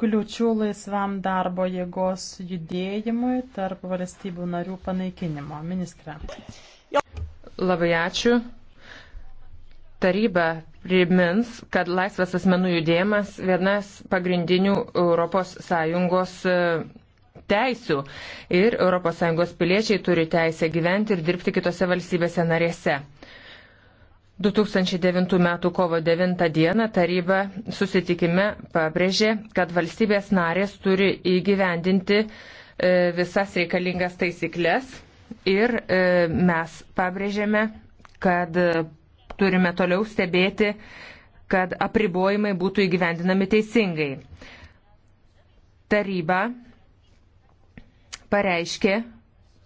kliučių laisvam darbo jėgos judėjimui tarp valstybių narių panaikinimo. Ministre. Labai ačiū. Taryba primins, kad laisvas asmenų judėjimas vienas pagrindinių ES e, teisių ir ES piliečiai turi teisę gyventi ir dirbti kitose valstybėse narėse. 2009 m. kovo 9 d. taryba susitikime pabrėžė, kad valstybės narės turi įgyvendinti e, visas reikalingas taisyklės ir e, mes pabrėžėme, kad e, turime toliau stebėti, kad apribojimai būtų įgyvendinami teisingai. Taryba pareiškė,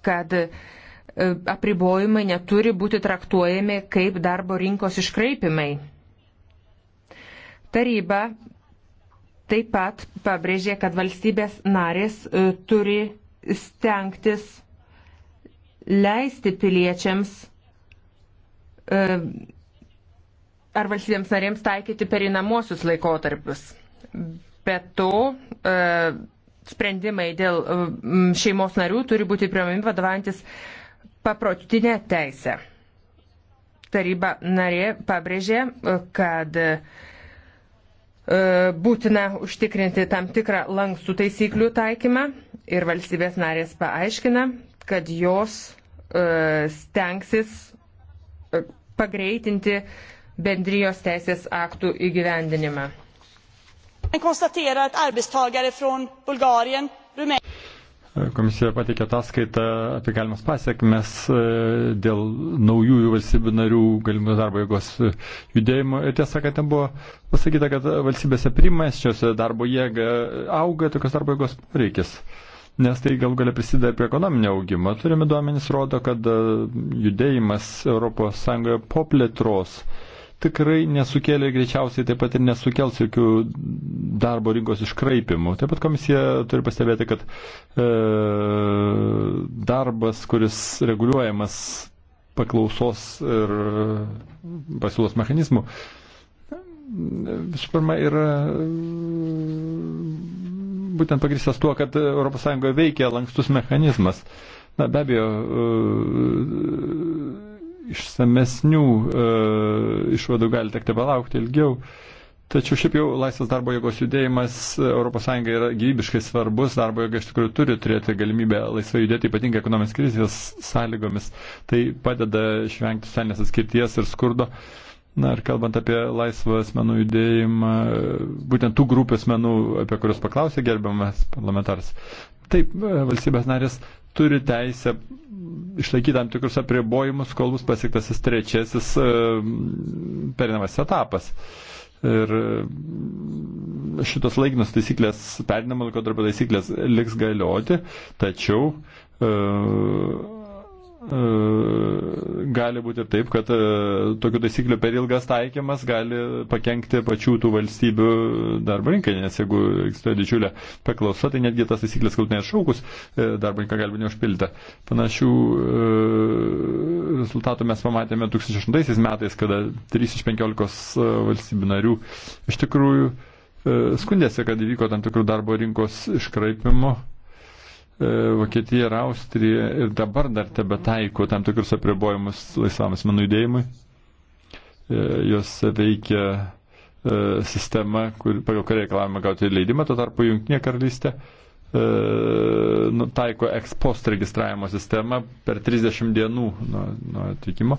kad E, apribojimai neturi būti traktuojami kaip darbo rinkos iškraipimai. Taryba taip pat pabrėžė, kad valstybės narės e, turi stengtis leisti piliečiams e, ar valstybėms narėms taikyti perinamosius laikotarpius. Be to, sprendimai dėl šeimos narių turi būti priimami vadovantis paprotinę teisę. Taryba narė pabrėžė, kad e, būtina užtikrinti tam tikrą lankstų taisyklių taikymą ir valstybės narės paaiškina, kad jos e, stengsis e, pagreitinti bendrijos teisės aktų įgyvendinimą. Komisija pateikė ataskaitą apie galimas pasiekmes e, dėl naujųjų valstybių narių galimų darbo jėgos judėjimo. Ir tiesą, kad ten buvo pasakyta, kad valstybėse primačios darbo jėga auga tokios darbo jėgos poreikis. Nes tai gal galia prisideda prie ekonominio augimo. Turime duomenys rodo, kad e, judėjimas ES po plėtros uh, tikrai nesukėlė ir greičiausiai taip pat ir nesukels jokių darbo rinkos iškraipimų. Taip pat komisija turi pastebėti, kad e, darbas, kuris reguliuojamas paklausos ir pasiūlos mechanizmų, visų pirma, yra būtent pagristas tuo, kad ES veikia lankstus mechanizmas. Na, be abejo, e, išsamesnių e, išvadų gali tekti palaukti ilgiau. Tačiau šiaip jau laisvas darbo jėgos judėjimas ES yra gyvybiškai svarbus, darbo jėga iš tikrųjų turi turėti galimybę laisvai judėti, ypatingai ekonominės krizės sąlygomis. Tai padeda išvengti socialinės atskirties ir skurdo. Na ir kalbant apie laisvą asmenų judėjimą, būtent tų grupių asmenų, apie kuriuos paklausė gerbiamas parlamentaras. Taip, e, valstybės narės turi teisę išlaikyti tam tikrus apribojimus, kol bus pasiektasis trečiasis e, perinamas etapas. Ir e, šitos laikinos taisyklės, perinamo laiko tarp taisyklės liks galioti, tačiau uh, gali būti ir taip, kad e, tokių taisyklių per ilgas taikymas gali pakengti pačių tų valstybių darbo rinkai, nes jeigu egzistuoja didžiulė paklausa, tai netgi tas taisyklės galutinai atšaukus e, darbo rinka gali būti neužpildyta. Panašių e, rezultatų mes pamatėme 2008 metais, kada 3 iš 15 valstybių narių iš tikrųjų skundėsi, kad įvyko tam tikrų darbo rinkos iškraipimų E, Vokietija ir Austrija ir dabar dar tebe taiko tam tikrus apribojimus laisvam asmenų judėjimui. E, Jos veikia e, sistema, kur, pagal kurią reikalavimą gauti leidimą, tuo tarpu Junktinė karalystė nu, taiko ekspost registravimo sistemą per 30 dienų nuo, nuo atvykimo.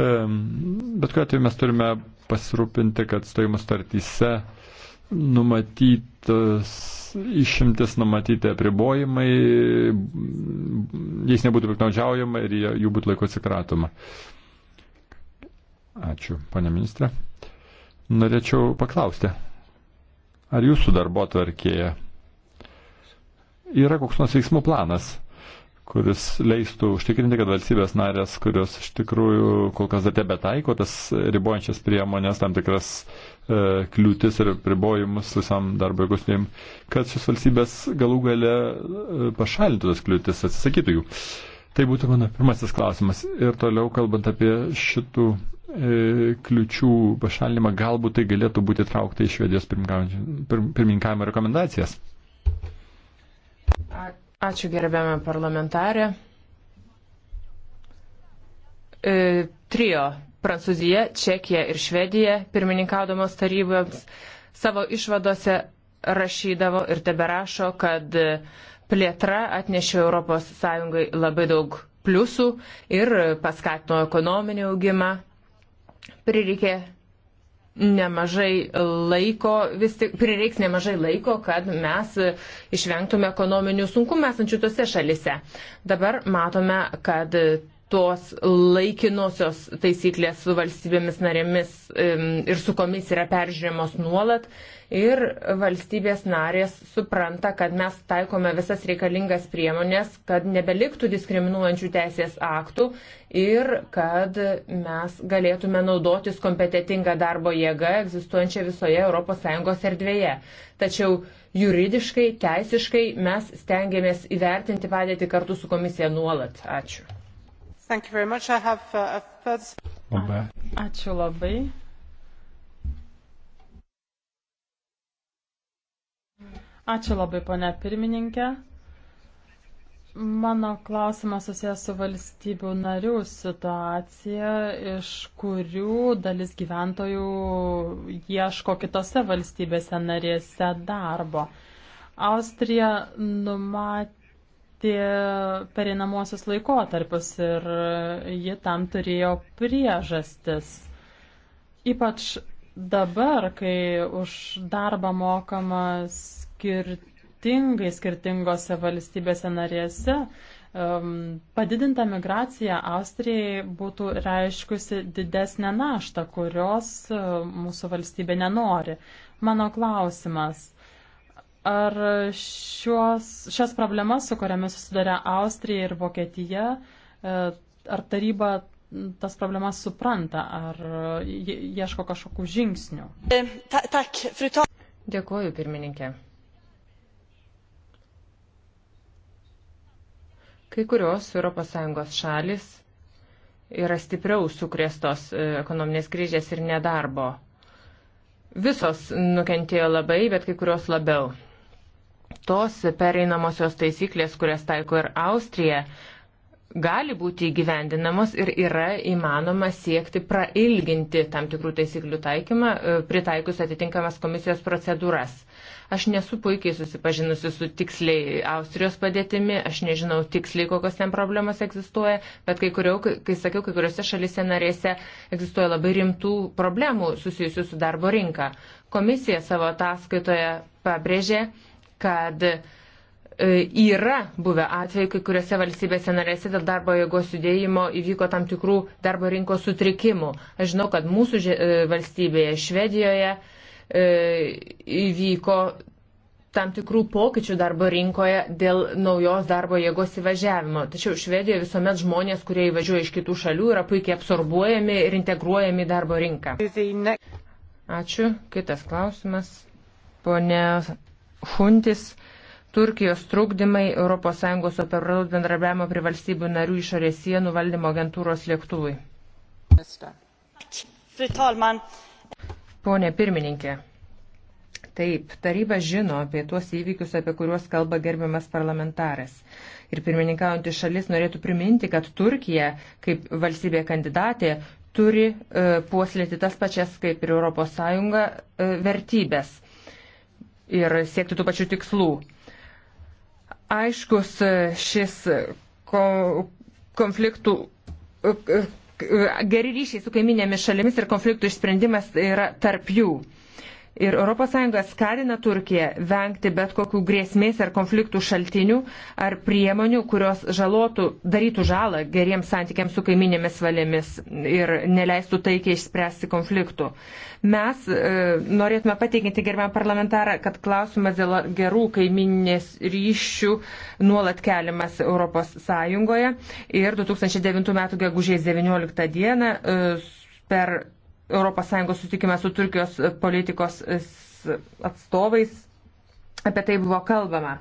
Bet kuriuo atveju mes turime pasirūpinti, kad stojimo startyse uh, numatytas išimtis, numatyti apribojimai, jais nebūtų piknaudžiaujama ir jų būtų laiko atsikratoma. Ačiū, pane ministrė. Norėčiau paklausti, ar jūsų darbo tvarkėje yra koks nors veiksmų planas, kuris leistų užtikrinti, kad valstybės narės, kurios iš tikrųjų kol kas dar tebetaiko tas ribojančias priemonės, tam tikras uh, E, kliūtis ir pribojimus visam darbo jėgos judėjimui, kad šios valstybės galų gale e, pašalintų tas kliūtis, atsisakytų jų. Tai būtų mano pirmasis klausimas. Ir toliau, kalbant apie šitų e, kliučių pašalinimą, galbūt tai galėtų būti traukta į švedijos pirmininkavimo rekomendacijas. Ačiū gerbiamą parlamentarę. E, trio Prancūzija, Čekija ir Švedija, pirmininkaudamos taryboms, savo išvadose rašydavo ir teberašo, kad plėtra atnešė ES labai daug pliusų ir paskatino ekonominį augimą. Prireikė nemažai laiko, vis tik prireiks nemažai laiko, kad mes išvengtume ekonominių sunkumų esančių tose šalise. Dabar matome, kad tos laikinosios taisyklės su valstybėmis narėmis ir su komis yra peržiūrimos nuolat ir valstybės narės supranta, kad mes taikome visas reikalingas priemonės, kad nebeliktų diskriminuojančių teisės aktų ir kad mes galėtume naudotis kompetitinga darbo jėga egzistuojančia visoje ES erdvėje. Tačiau juridiškai, teisiškai mes stengiamės įvertinti padėtį kartu su komisija nuolat. Ačiū. Uh, labai. Ačiū labai. Ačiū labai, ponia pirmininkė. Mano klausimas susijęs su valstybių narių situacija, iš kurių dalis gyventojų ieško kitose valstybėse narėse darbo. Austrija numatė tie pereinamosius laikotarpius ir ji tam turėjo priežastis. Ypač dabar, kai už darbą mokama skirtingai skirtingose valstybėse narėse, um, padidinta migracija Austrijai būtų reiškusi didesnę naštą, kurios uh, mūsų valstybė nenori. Mano klausimas ar šios, šias problemas, su kuriamis susidarė Austrija ir Vokietija, e, ar taryba tas problemas supranta, ar ieško kažkokių žingsnių? E, Dėkuoju, pirmininkė. Kai kurios ES šalis yra stipriau sukrėstos e, ekonominės kryžės ir nedarbo. Visos nukentėjo labai, bet kai kurios labiau tos pereinamosios taisyklės, kurias taiko ir Austrija, gali būti įgyvendinamos ir yra įmanoma siekti prailginti tam tikrų taisyklių taikymą, e, pritaikius atitinkamas komisijos procedūras. Aš nesu puikiai susipažinusi su tiksliai Austrijos padėtimi, aš nežinau tiksliai, kokios ten problemos egzistuoja, bet kai, kurio, kai sakiau, kai kuriuose šalise narėse egzistuoja labai rimtų problemų susijusių su darbo rinka. Komisija savo ataskaitoje pabrėžė, kad e, yra buvę atvejų, kai kuriuose valstybėse narėse dėl darbo jėgos judėjimo įvyko tam tikrų darbo rinkos sutrikimų. Aš žinau, kad mūsų e, valstybėje, Švedijoje, e, įvyko tam tikrų pokyčių darbo rinkoje dėl naujos darbo jėgos įvažiavimo. Tačiau Švedijoje visuomet žmonės, kurie įvažiuoja iš kitų šalių, yra puikiai absorbuojami ir integruojami į darbo rinką. Ačiū. Kitas klausimas. Pone Huntis, Turkijos trukdymai ES operatoriaus bendrabiavimo prie valstybių narių išorės sienų valdymo agentūros lėktuvui. Pone pirmininkė, taip, taryba žino apie tuos įvykius, apie kuriuos kalba gerbiamas parlamentaras. Ir pirmininkaujantys šalis norėtų priminti, kad Turkija, kaip valstybė kandidatė, turi e, puoslėti tas pačias kaip ir ES e, vertybės ir siekti tų pačių tikslų. Aiškus e, šis konfliktų e, e, geri ryšiai su kaiminėmis šalimis ir konfliktų išsprendimas yra tarp jų. Ir ES skarina Turkiją vengti bet kokių grėsmės ar konfliktų šaltinių ar priemonių, kurios žalotų, darytų žalą geriems santykiams su kaiminėmis valėmis ir neleistų taikiai išspręsti konfliktų. Mes e, norėtume pateikinti gerbiamą parlamentarą, kad klausimas dėl gerų kaiminės ryšių nuolat keliamas ES ir 2009 m. gegužės 19 d. E, per ES sutikime su Turkijos politikos atstovais apie tai buvo kalbama.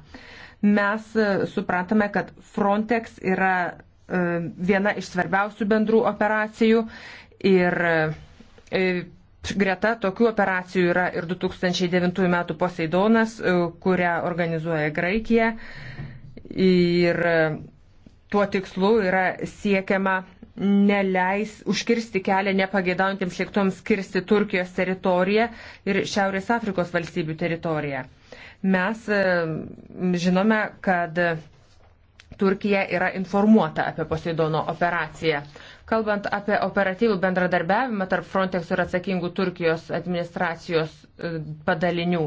Mes e, suprantame, kad Frontex yra e, viena iš svarbiausių bendrų operacijų ir e, greta tokių operacijų yra ir 2009 m. Poseidonas, kurią organizuoja Graikija ir tuo tikslu yra siekiama neleis užkirsti kelią nepageidaujantiems lėktuvams kirsti Turkijos teritoriją ir Šiaurės Afrikos valstybių teritoriją. Mes e, žinome, kad Turkija yra informuota apie Poseidono operaciją. Kalbant apie operatyvų bendradarbiavimą tarp Frontex ir atsakingų Turkijos administracijos e, padalinių,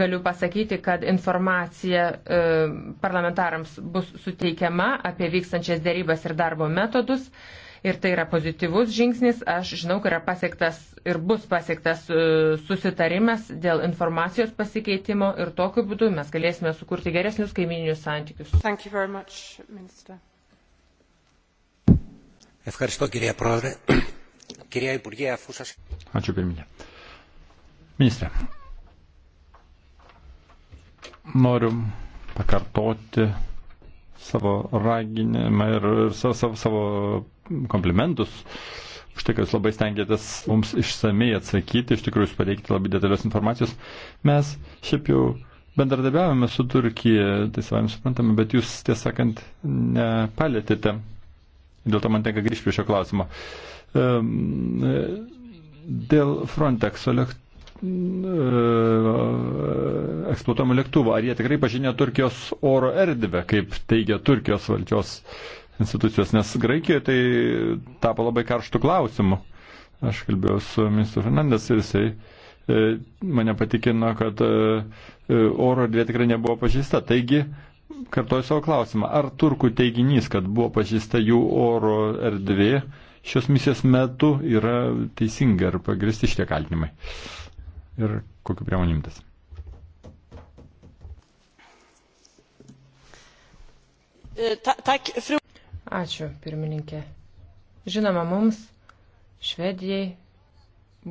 galiu pasakyti, kad informacija e, parlamentarams bus suteikiama apie vykstančias dėrybas ir darbo metodus ir tai yra pozityvus žingsnis. Aš žinau, kad yra pasiektas ir bus pasiektas e, susitarimas dėl informacijos pasikeitimo ir tokiu būdu mes galėsime sukurti geresnius kaimininius santykius. Much, Ευχαριστώ κυρία Πρόεδρε. *clears throat* Κυρία Υπουργέ, αφού σας... Ačiū pirminė. Ministrė, noriu pakartoti savo raginimą ir savo, savo, savo komplimentus už tai, kad jūs labai stengiatės mums išsamei atsakyti, iš tikrųjų jūs pateikite labai detalios informacijos. Mes šiaip jau bendradarbiavome su Turkija, tai savai suprantame, bet jūs, tiesą sakant, nepalėtėte. Dėl to man tenka grįžti prie šio klausimo. Dėl Frontexo lėktuvų e, eksploatuojamų lėktuvų. Ar jie tikrai pažinė Turkijos oro erdvę, kaip teigia Turkijos valdžios institucijos, nes Graikijoje tai tapo labai karštų klausimų. Aš kalbėjau su ministru Fernandes ir jisai e, mane patikino, kad e, e, oro erdvė tikrai nebuvo pažįsta. Taigi, kartuoju savo klausimą, ar turkų teiginys, kad buvo pažįsta jų oro erdvė, šios misijos metu yra teisinga ar pagristi šitie kaltinimai? Ir kokiu priemonimtas? Tack, fru Ačiū, pirmininkė. Žinoma, mums, Švedijai,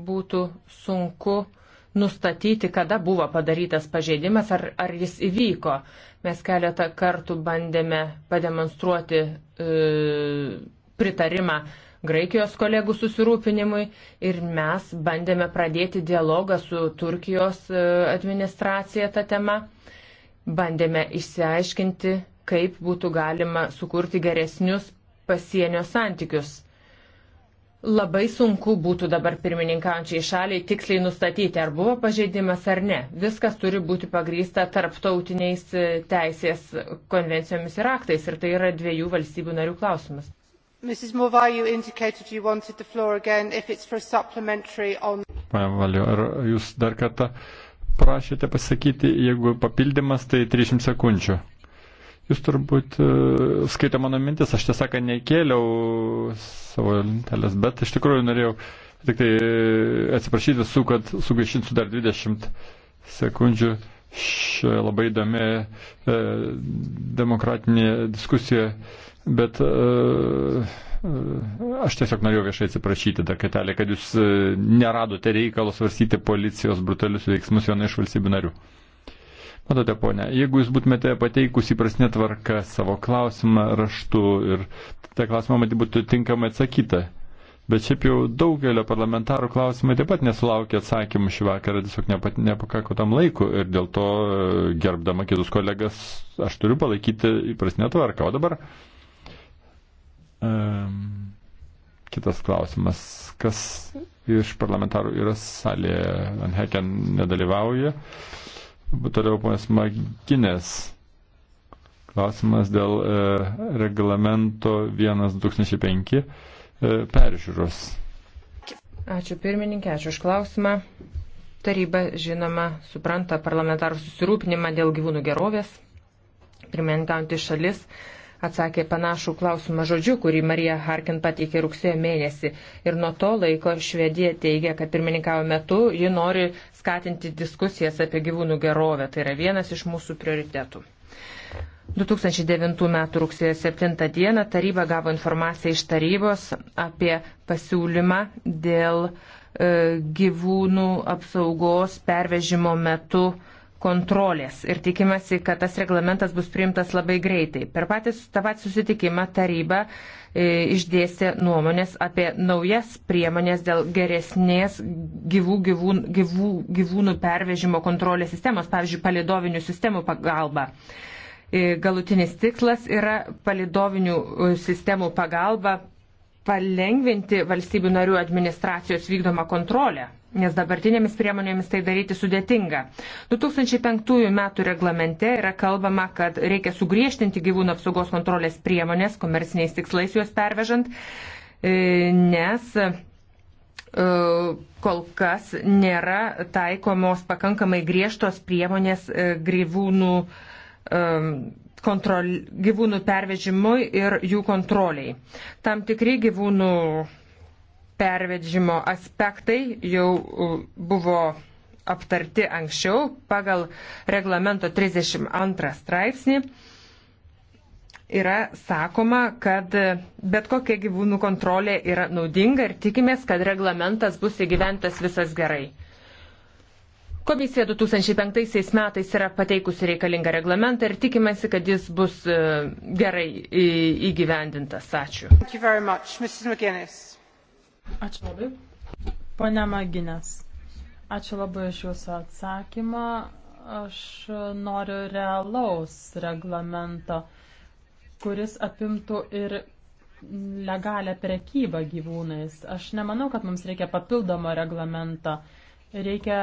būtų sunku nustatyti, kada buvo padarytas pažeidimas ar, ar jis įvyko. Mes keletą kartų bandėme pademonstruoti e, pritarimą Graikijos kolegų susirūpinimui ir mes bandėme pradėti dialogą su Turkijos e, administracija tą temą. Bandėme išsiaiškinti, kaip būtų galima sukurti geresnius pasienio santykius. Labai sunku būtų dabar pirmininkaujančiai šaliai tiksliai nustatyti, ar buvo pažeidimas ar ne. Viskas turi būti pagrysta tarptautiniais e, teisės konvencijomis ir aktais, ir tai yra dviejų valstybių narių klausimas ms morvai you indicated you wanted the floor again if it's for a supplementary on Pane Valio, ar jūs dar kartą prašėte pasakyti, jeigu papildymas, tai 30 sekundžių. Jūs turbūt e, skaitė mano mintis, aš tiesą sakant nekėliau savo lentelės, bet iš tikrųjų norėjau tik tai e, atsiprašyti visų, kad sugaišinsiu dar 20 sekundžių. Ši labai įdomi e, demokratinė diskusija, bet e, e, aš tiesiog norėjau viešai atsiprašyti dar katelį, kad jūs neradote reikalo svarstyti policijos brutalius veiksmus viena iš valstybių narių. Matote, ponė, jeigu jūs būtumėte pateikus įprasnė tvarka savo klausimą raštu ir tą klausimą, matyt, būtų tinkamai atsakyta. Bet šiaip jau daugelio parlamentarų klausimai taip pat nesulaukia atsakymų šį vakarą, tiesiog nepakako tam laiku ir dėl to, e, gerbdama kitus kolegas, aš turiu palaikyti įprasnę tvarką. O dabar um, kitas klausimas, kas iš parlamentarų yra salėje, Anheken nedalyvauja. Uh, Toliau ponas Maginės. Klausimas dėl e, reglamento 1.2005 e, peržiūros. Ačiū pirmininkė, ačiū už klausimą. Taryba, žinoma, supranta parlamentarų susirūpinimą dėl gyvūnų gerovės. Pirmininkaujantis šalis atsakė panašų klausimą žodžiu, kurį Marija Harkin pateikė rugsėjo mėnesį. Ir nuo to laiko Švedija teigia, kad pirmininkavo metu ji nori skatinti diskusijas apie gyvūnų gerovę. Tai yra vienas iš mūsų prioritetų. 2009 m. rugsėjo 7 d. taryba gavo informaciją iš tarybos apie pasiūlymą dėl e, gyvūnų apsaugos pervežimo metu e, kontrolės ir tikimasi, kad tas reglamentas bus priimtas labai greitai. Per patys, tą patį susitikimą taryba e, išdėstė nuomonės apie naujas priemonės dėl geresnės gyvų, gyvūn, gyvų, gyvūnų pervežimo kontrolės sistemos, pavyzdžiui, palidovinių sistemų pagalba. E, galutinis tikslas yra palidovinių e, sistemų pagalba palengvinti valstybių narių administracijos vykdomą kontrolę, nes dabartinėmis priemonėmis tai daryti sudėtinga. 2005 m. reglamente yra kalbama, kad reikia sugriežtinti gyvūnų apsaugos kontrolės priemonės komerciniais tikslais juos pervežant, e, nes e, kol kas nėra taikomos pakankamai griežtos priemonės e, gyvūnų kontrol, gyvūnų pervežimui ir jų kontroliai. Tam tikri gyvūnų pervežimo aspektai jau buvo aptarti anksčiau pagal reglamento 32 straipsnį. Yra sakoma, kad bet kokia gyvūnų kontrolė yra naudinga ir tikimės, kad reglamentas bus įgyventas visas gerai. Komisija 2005 metais yra pateikusi reikalingą reglamentą ir tikimasi, kad jis bus e, gerai įgyvendintas. Ačiū. Ačiū labai. Pone Maginės, ačiū labai iš Jūsų atsakymą. Aš noriu realaus reglamento, kuris apimtų ir legalią prekybą gyvūnais. Aš nemanau, kad mums reikia papildomo reglamento. Reikia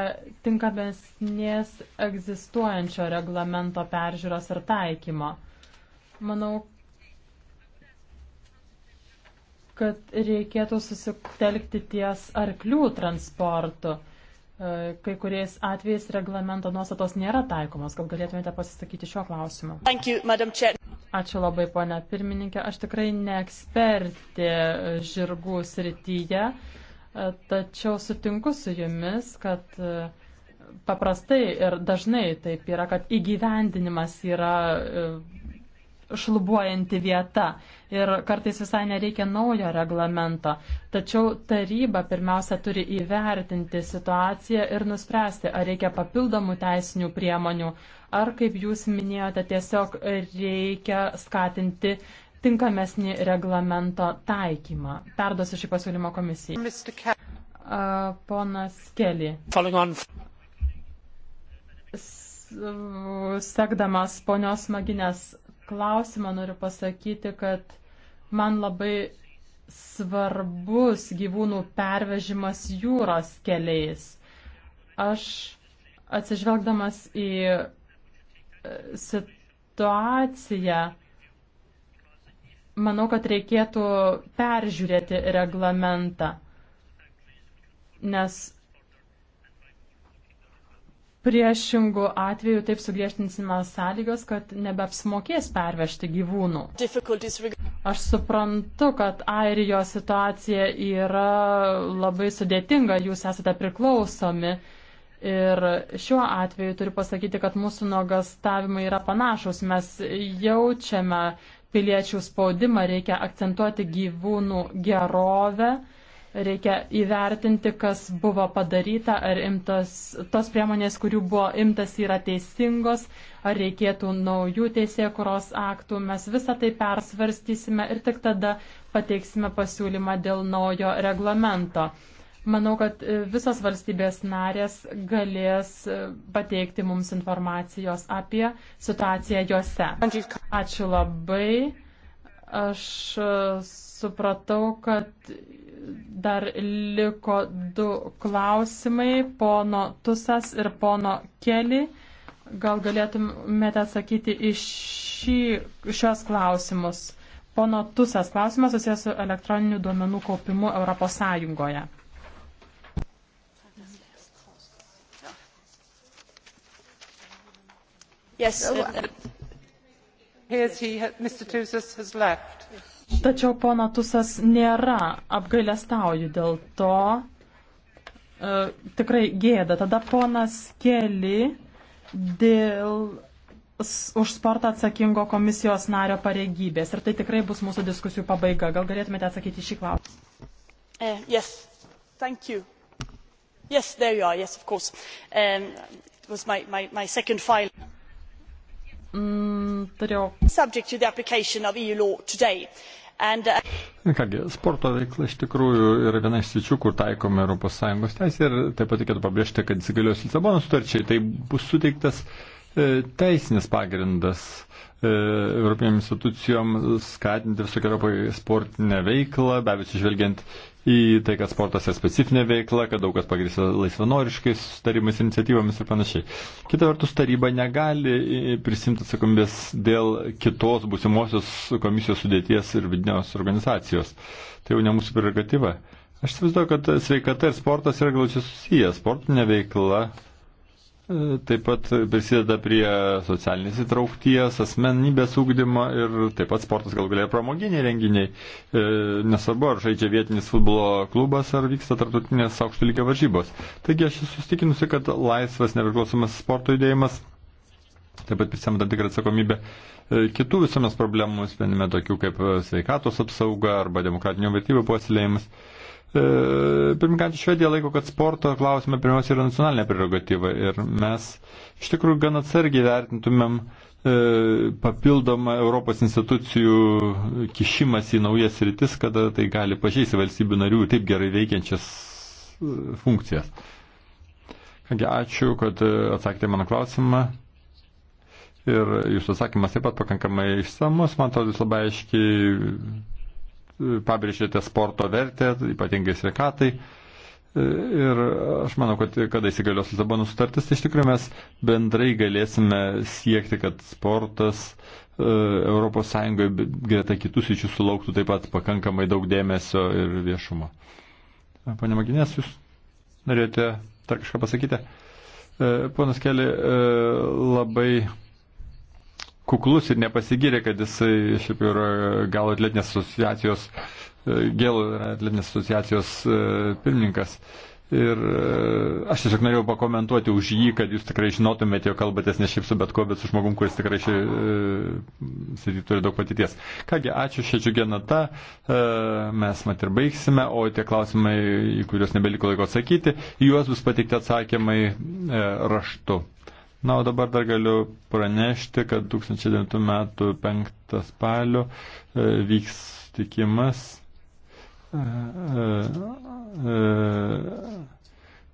tinkamesnės egzistuojančio reglamento peržiūros ir taikymo. Manau, kad reikėtų susitelkti ties arklių transportu. E, kai kuriais atvejais reglamento nuostatos nėra taikomos. Gal galėtumėte pasisakyti šiuo klausimu? Ačiū labai, ponia pirmininkė. Aš tikrai ne ekspertė žirgų srityje. Tačiau sutinku su jumis, kad e, paprastai ir dažnai taip yra, kad įgyvendinimas yra e, šlubuojanti vieta ir kartais visai nereikia naujo reglamento. Tačiau taryba pirmiausia turi įvertinti situaciją ir nuspręsti, ar reikia papildomų teisinių priemonių, ar, kaip jūs minėjote, tiesiog reikia skatinti tinkamesnį reglamento taikymą. Perduosiu šį pasiūlymą komisijai. Ponas Keli. Sekdamas ponios maginės klausimą noriu pasakyti, kad man labai svarbus gyvūnų pervežimas jūros keliais. Aš atsižvelgdamas į e, situaciją manau, kad reikėtų peržiūrėti reglamentą, nes priešingų atveju taip sugriežtinsime sąlygas, kad nebeapsimokės pervežti gyvūnų. Aš suprantu, kad Airijos situacija yra labai sudėtinga, jūs esate priklausomi. Ir šiuo atveju turiu pasakyti, kad mūsų nuogastavimai yra panašus. Mes jaučiame piliečių spaudimą, reikia akcentuoti gyvūnų gerovę, reikia įvertinti, kas buvo padaryta, ar imtas, tos priemonės, kurių buvo imtas, yra teisingos, ar reikėtų naujų teisėkuros aktų. Mes visą tai persvarstysime ir tik tada pateiksime pasiūlymą dėl naujo reglamento. Manau, kad e, visos valstybės narės galės e, pateikti mums informacijos apie situaciją juose. Ačiū labai. Aš e, supratau, kad dar liko du klausimai, pono Tusas ir pono Keli. Gal galėtumėte atsakyti iš šį, šios klausimus? Pono Tusas klausimas susijęs su elektroniniu duomenų kaupimu Europos Sąjungoje. Yes. Uh, Tačiau pono Tusas nėra, apgailestauju dėl to. E, tikrai gėda. Tada ponas Keli dėl už sportą atsakingo komisijos nario pareigybės. Ir tai tikrai bus mūsų diskusijų pabaiga. Gal galėtumėte atsakyti šį klausimą? Uh, yes. Thank you. Yes, there you are. Yes, of course. Um, it was my, my, my second file mm, turėjau. E uh, kągi, sporto veikla iš tikrųjų yra viena iš sričių, kur taikoma ES teisė ir taip pat reikėtų pabrėžti, kad įsigalios Lisabonos sutarčiai, tai bus suteiktas e, teisinis pagrindas e, Europinėms institucijoms skatinti visokiojopai sportinę veiklą, be abejo, atsižvelgiant į tai, kad sportas yra specifinė veikla, kad daug kas pagrįsta laisvanoriškais sutarimais, iniciatyvomis ir panašiai. Kita vertus, taryba negali e, e, prisimti atsakomybės dėl kitos būsimosios komisijos sudėties ir vidinios organizacijos. Tai jau ne mūsų prerogatyva. Aš įsivaizduoju, kad sveikata ir sportas yra glaučiai susiję. Sportinė veikla E, taip pat prisideda prie socialinės įtraukties, asmenybės ūkdymo ir taip pat sportas gal galėjo pramoginiai renginiai. E, nesvarbu, ar žaidžia vietinis futbolo klubas, ar vyksta tartutinės aukšto lygio varžybos. Taigi aš esu stikinusi, kad laisvas nepriklausomas sporto judėjimas taip pat prisėmė tam tikrą atsakomybę e, kitų visuomenės problemų sprendime, tokių kaip sveikatos apsauga arba demokratinių vertybių puoselėjimas. E, Pirmininkant, Švedija laiko, kad sporto klausimai pirmiausia yra nacionalinė prerogatyva ir mes iš tikrųjų gan atsargiai vertintumėm e, papildomą Europos institucijų kišimas į naujas rytis, kada tai gali pažeisti valstybių narių taip gerai veikiančias e, funkcijas. Kągi, ačiū, kad atsakėte mano klausimą. Ir jūsų atsakymas taip pat pakankamai išsamus, man atrodo, jūs labai aiškiai pabrėžėte sporto vertę, ypatingai sveikatai. Ir aš manau, kad kada įsigalios Lisabono sutartis, tai iš tikrųjų mes bendrai galėsime siekti, kad sportas ES greta kitus iš jų sulauktų taip pat pakankamai daug dėmesio ir viešumo. Pane Maginės, jūs norėjote dar kažką pasakyti? E, ponas Keli e, labai kuklus ir nepasigyrė, kad jisai šiaip yra gal atletinės asociacijos, e, gėl yra atletinės asociacijos e, pirmininkas. Ir e, aš tiesiog norėjau pakomentuoti už jį, kad jūs tikrai žinotumėte, jo kalbatės ne šiaip su bet kuo, bet su žmogum, kuris tikrai šį sėdį turi daug patirties. Kągi, ačiū šią džiugę natą, mes mat ir baigsime, o tie klausimai, į kuriuos nebeliko laiko atsakyti, juos bus pateikti atsakymai raštu. Na, o dabar dar galiu pranešti, kad 2009 m. 5 spalio e, vyks tikimas e, e,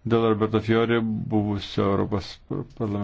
dėl Alberto Fiori buvusio Europos parlamento.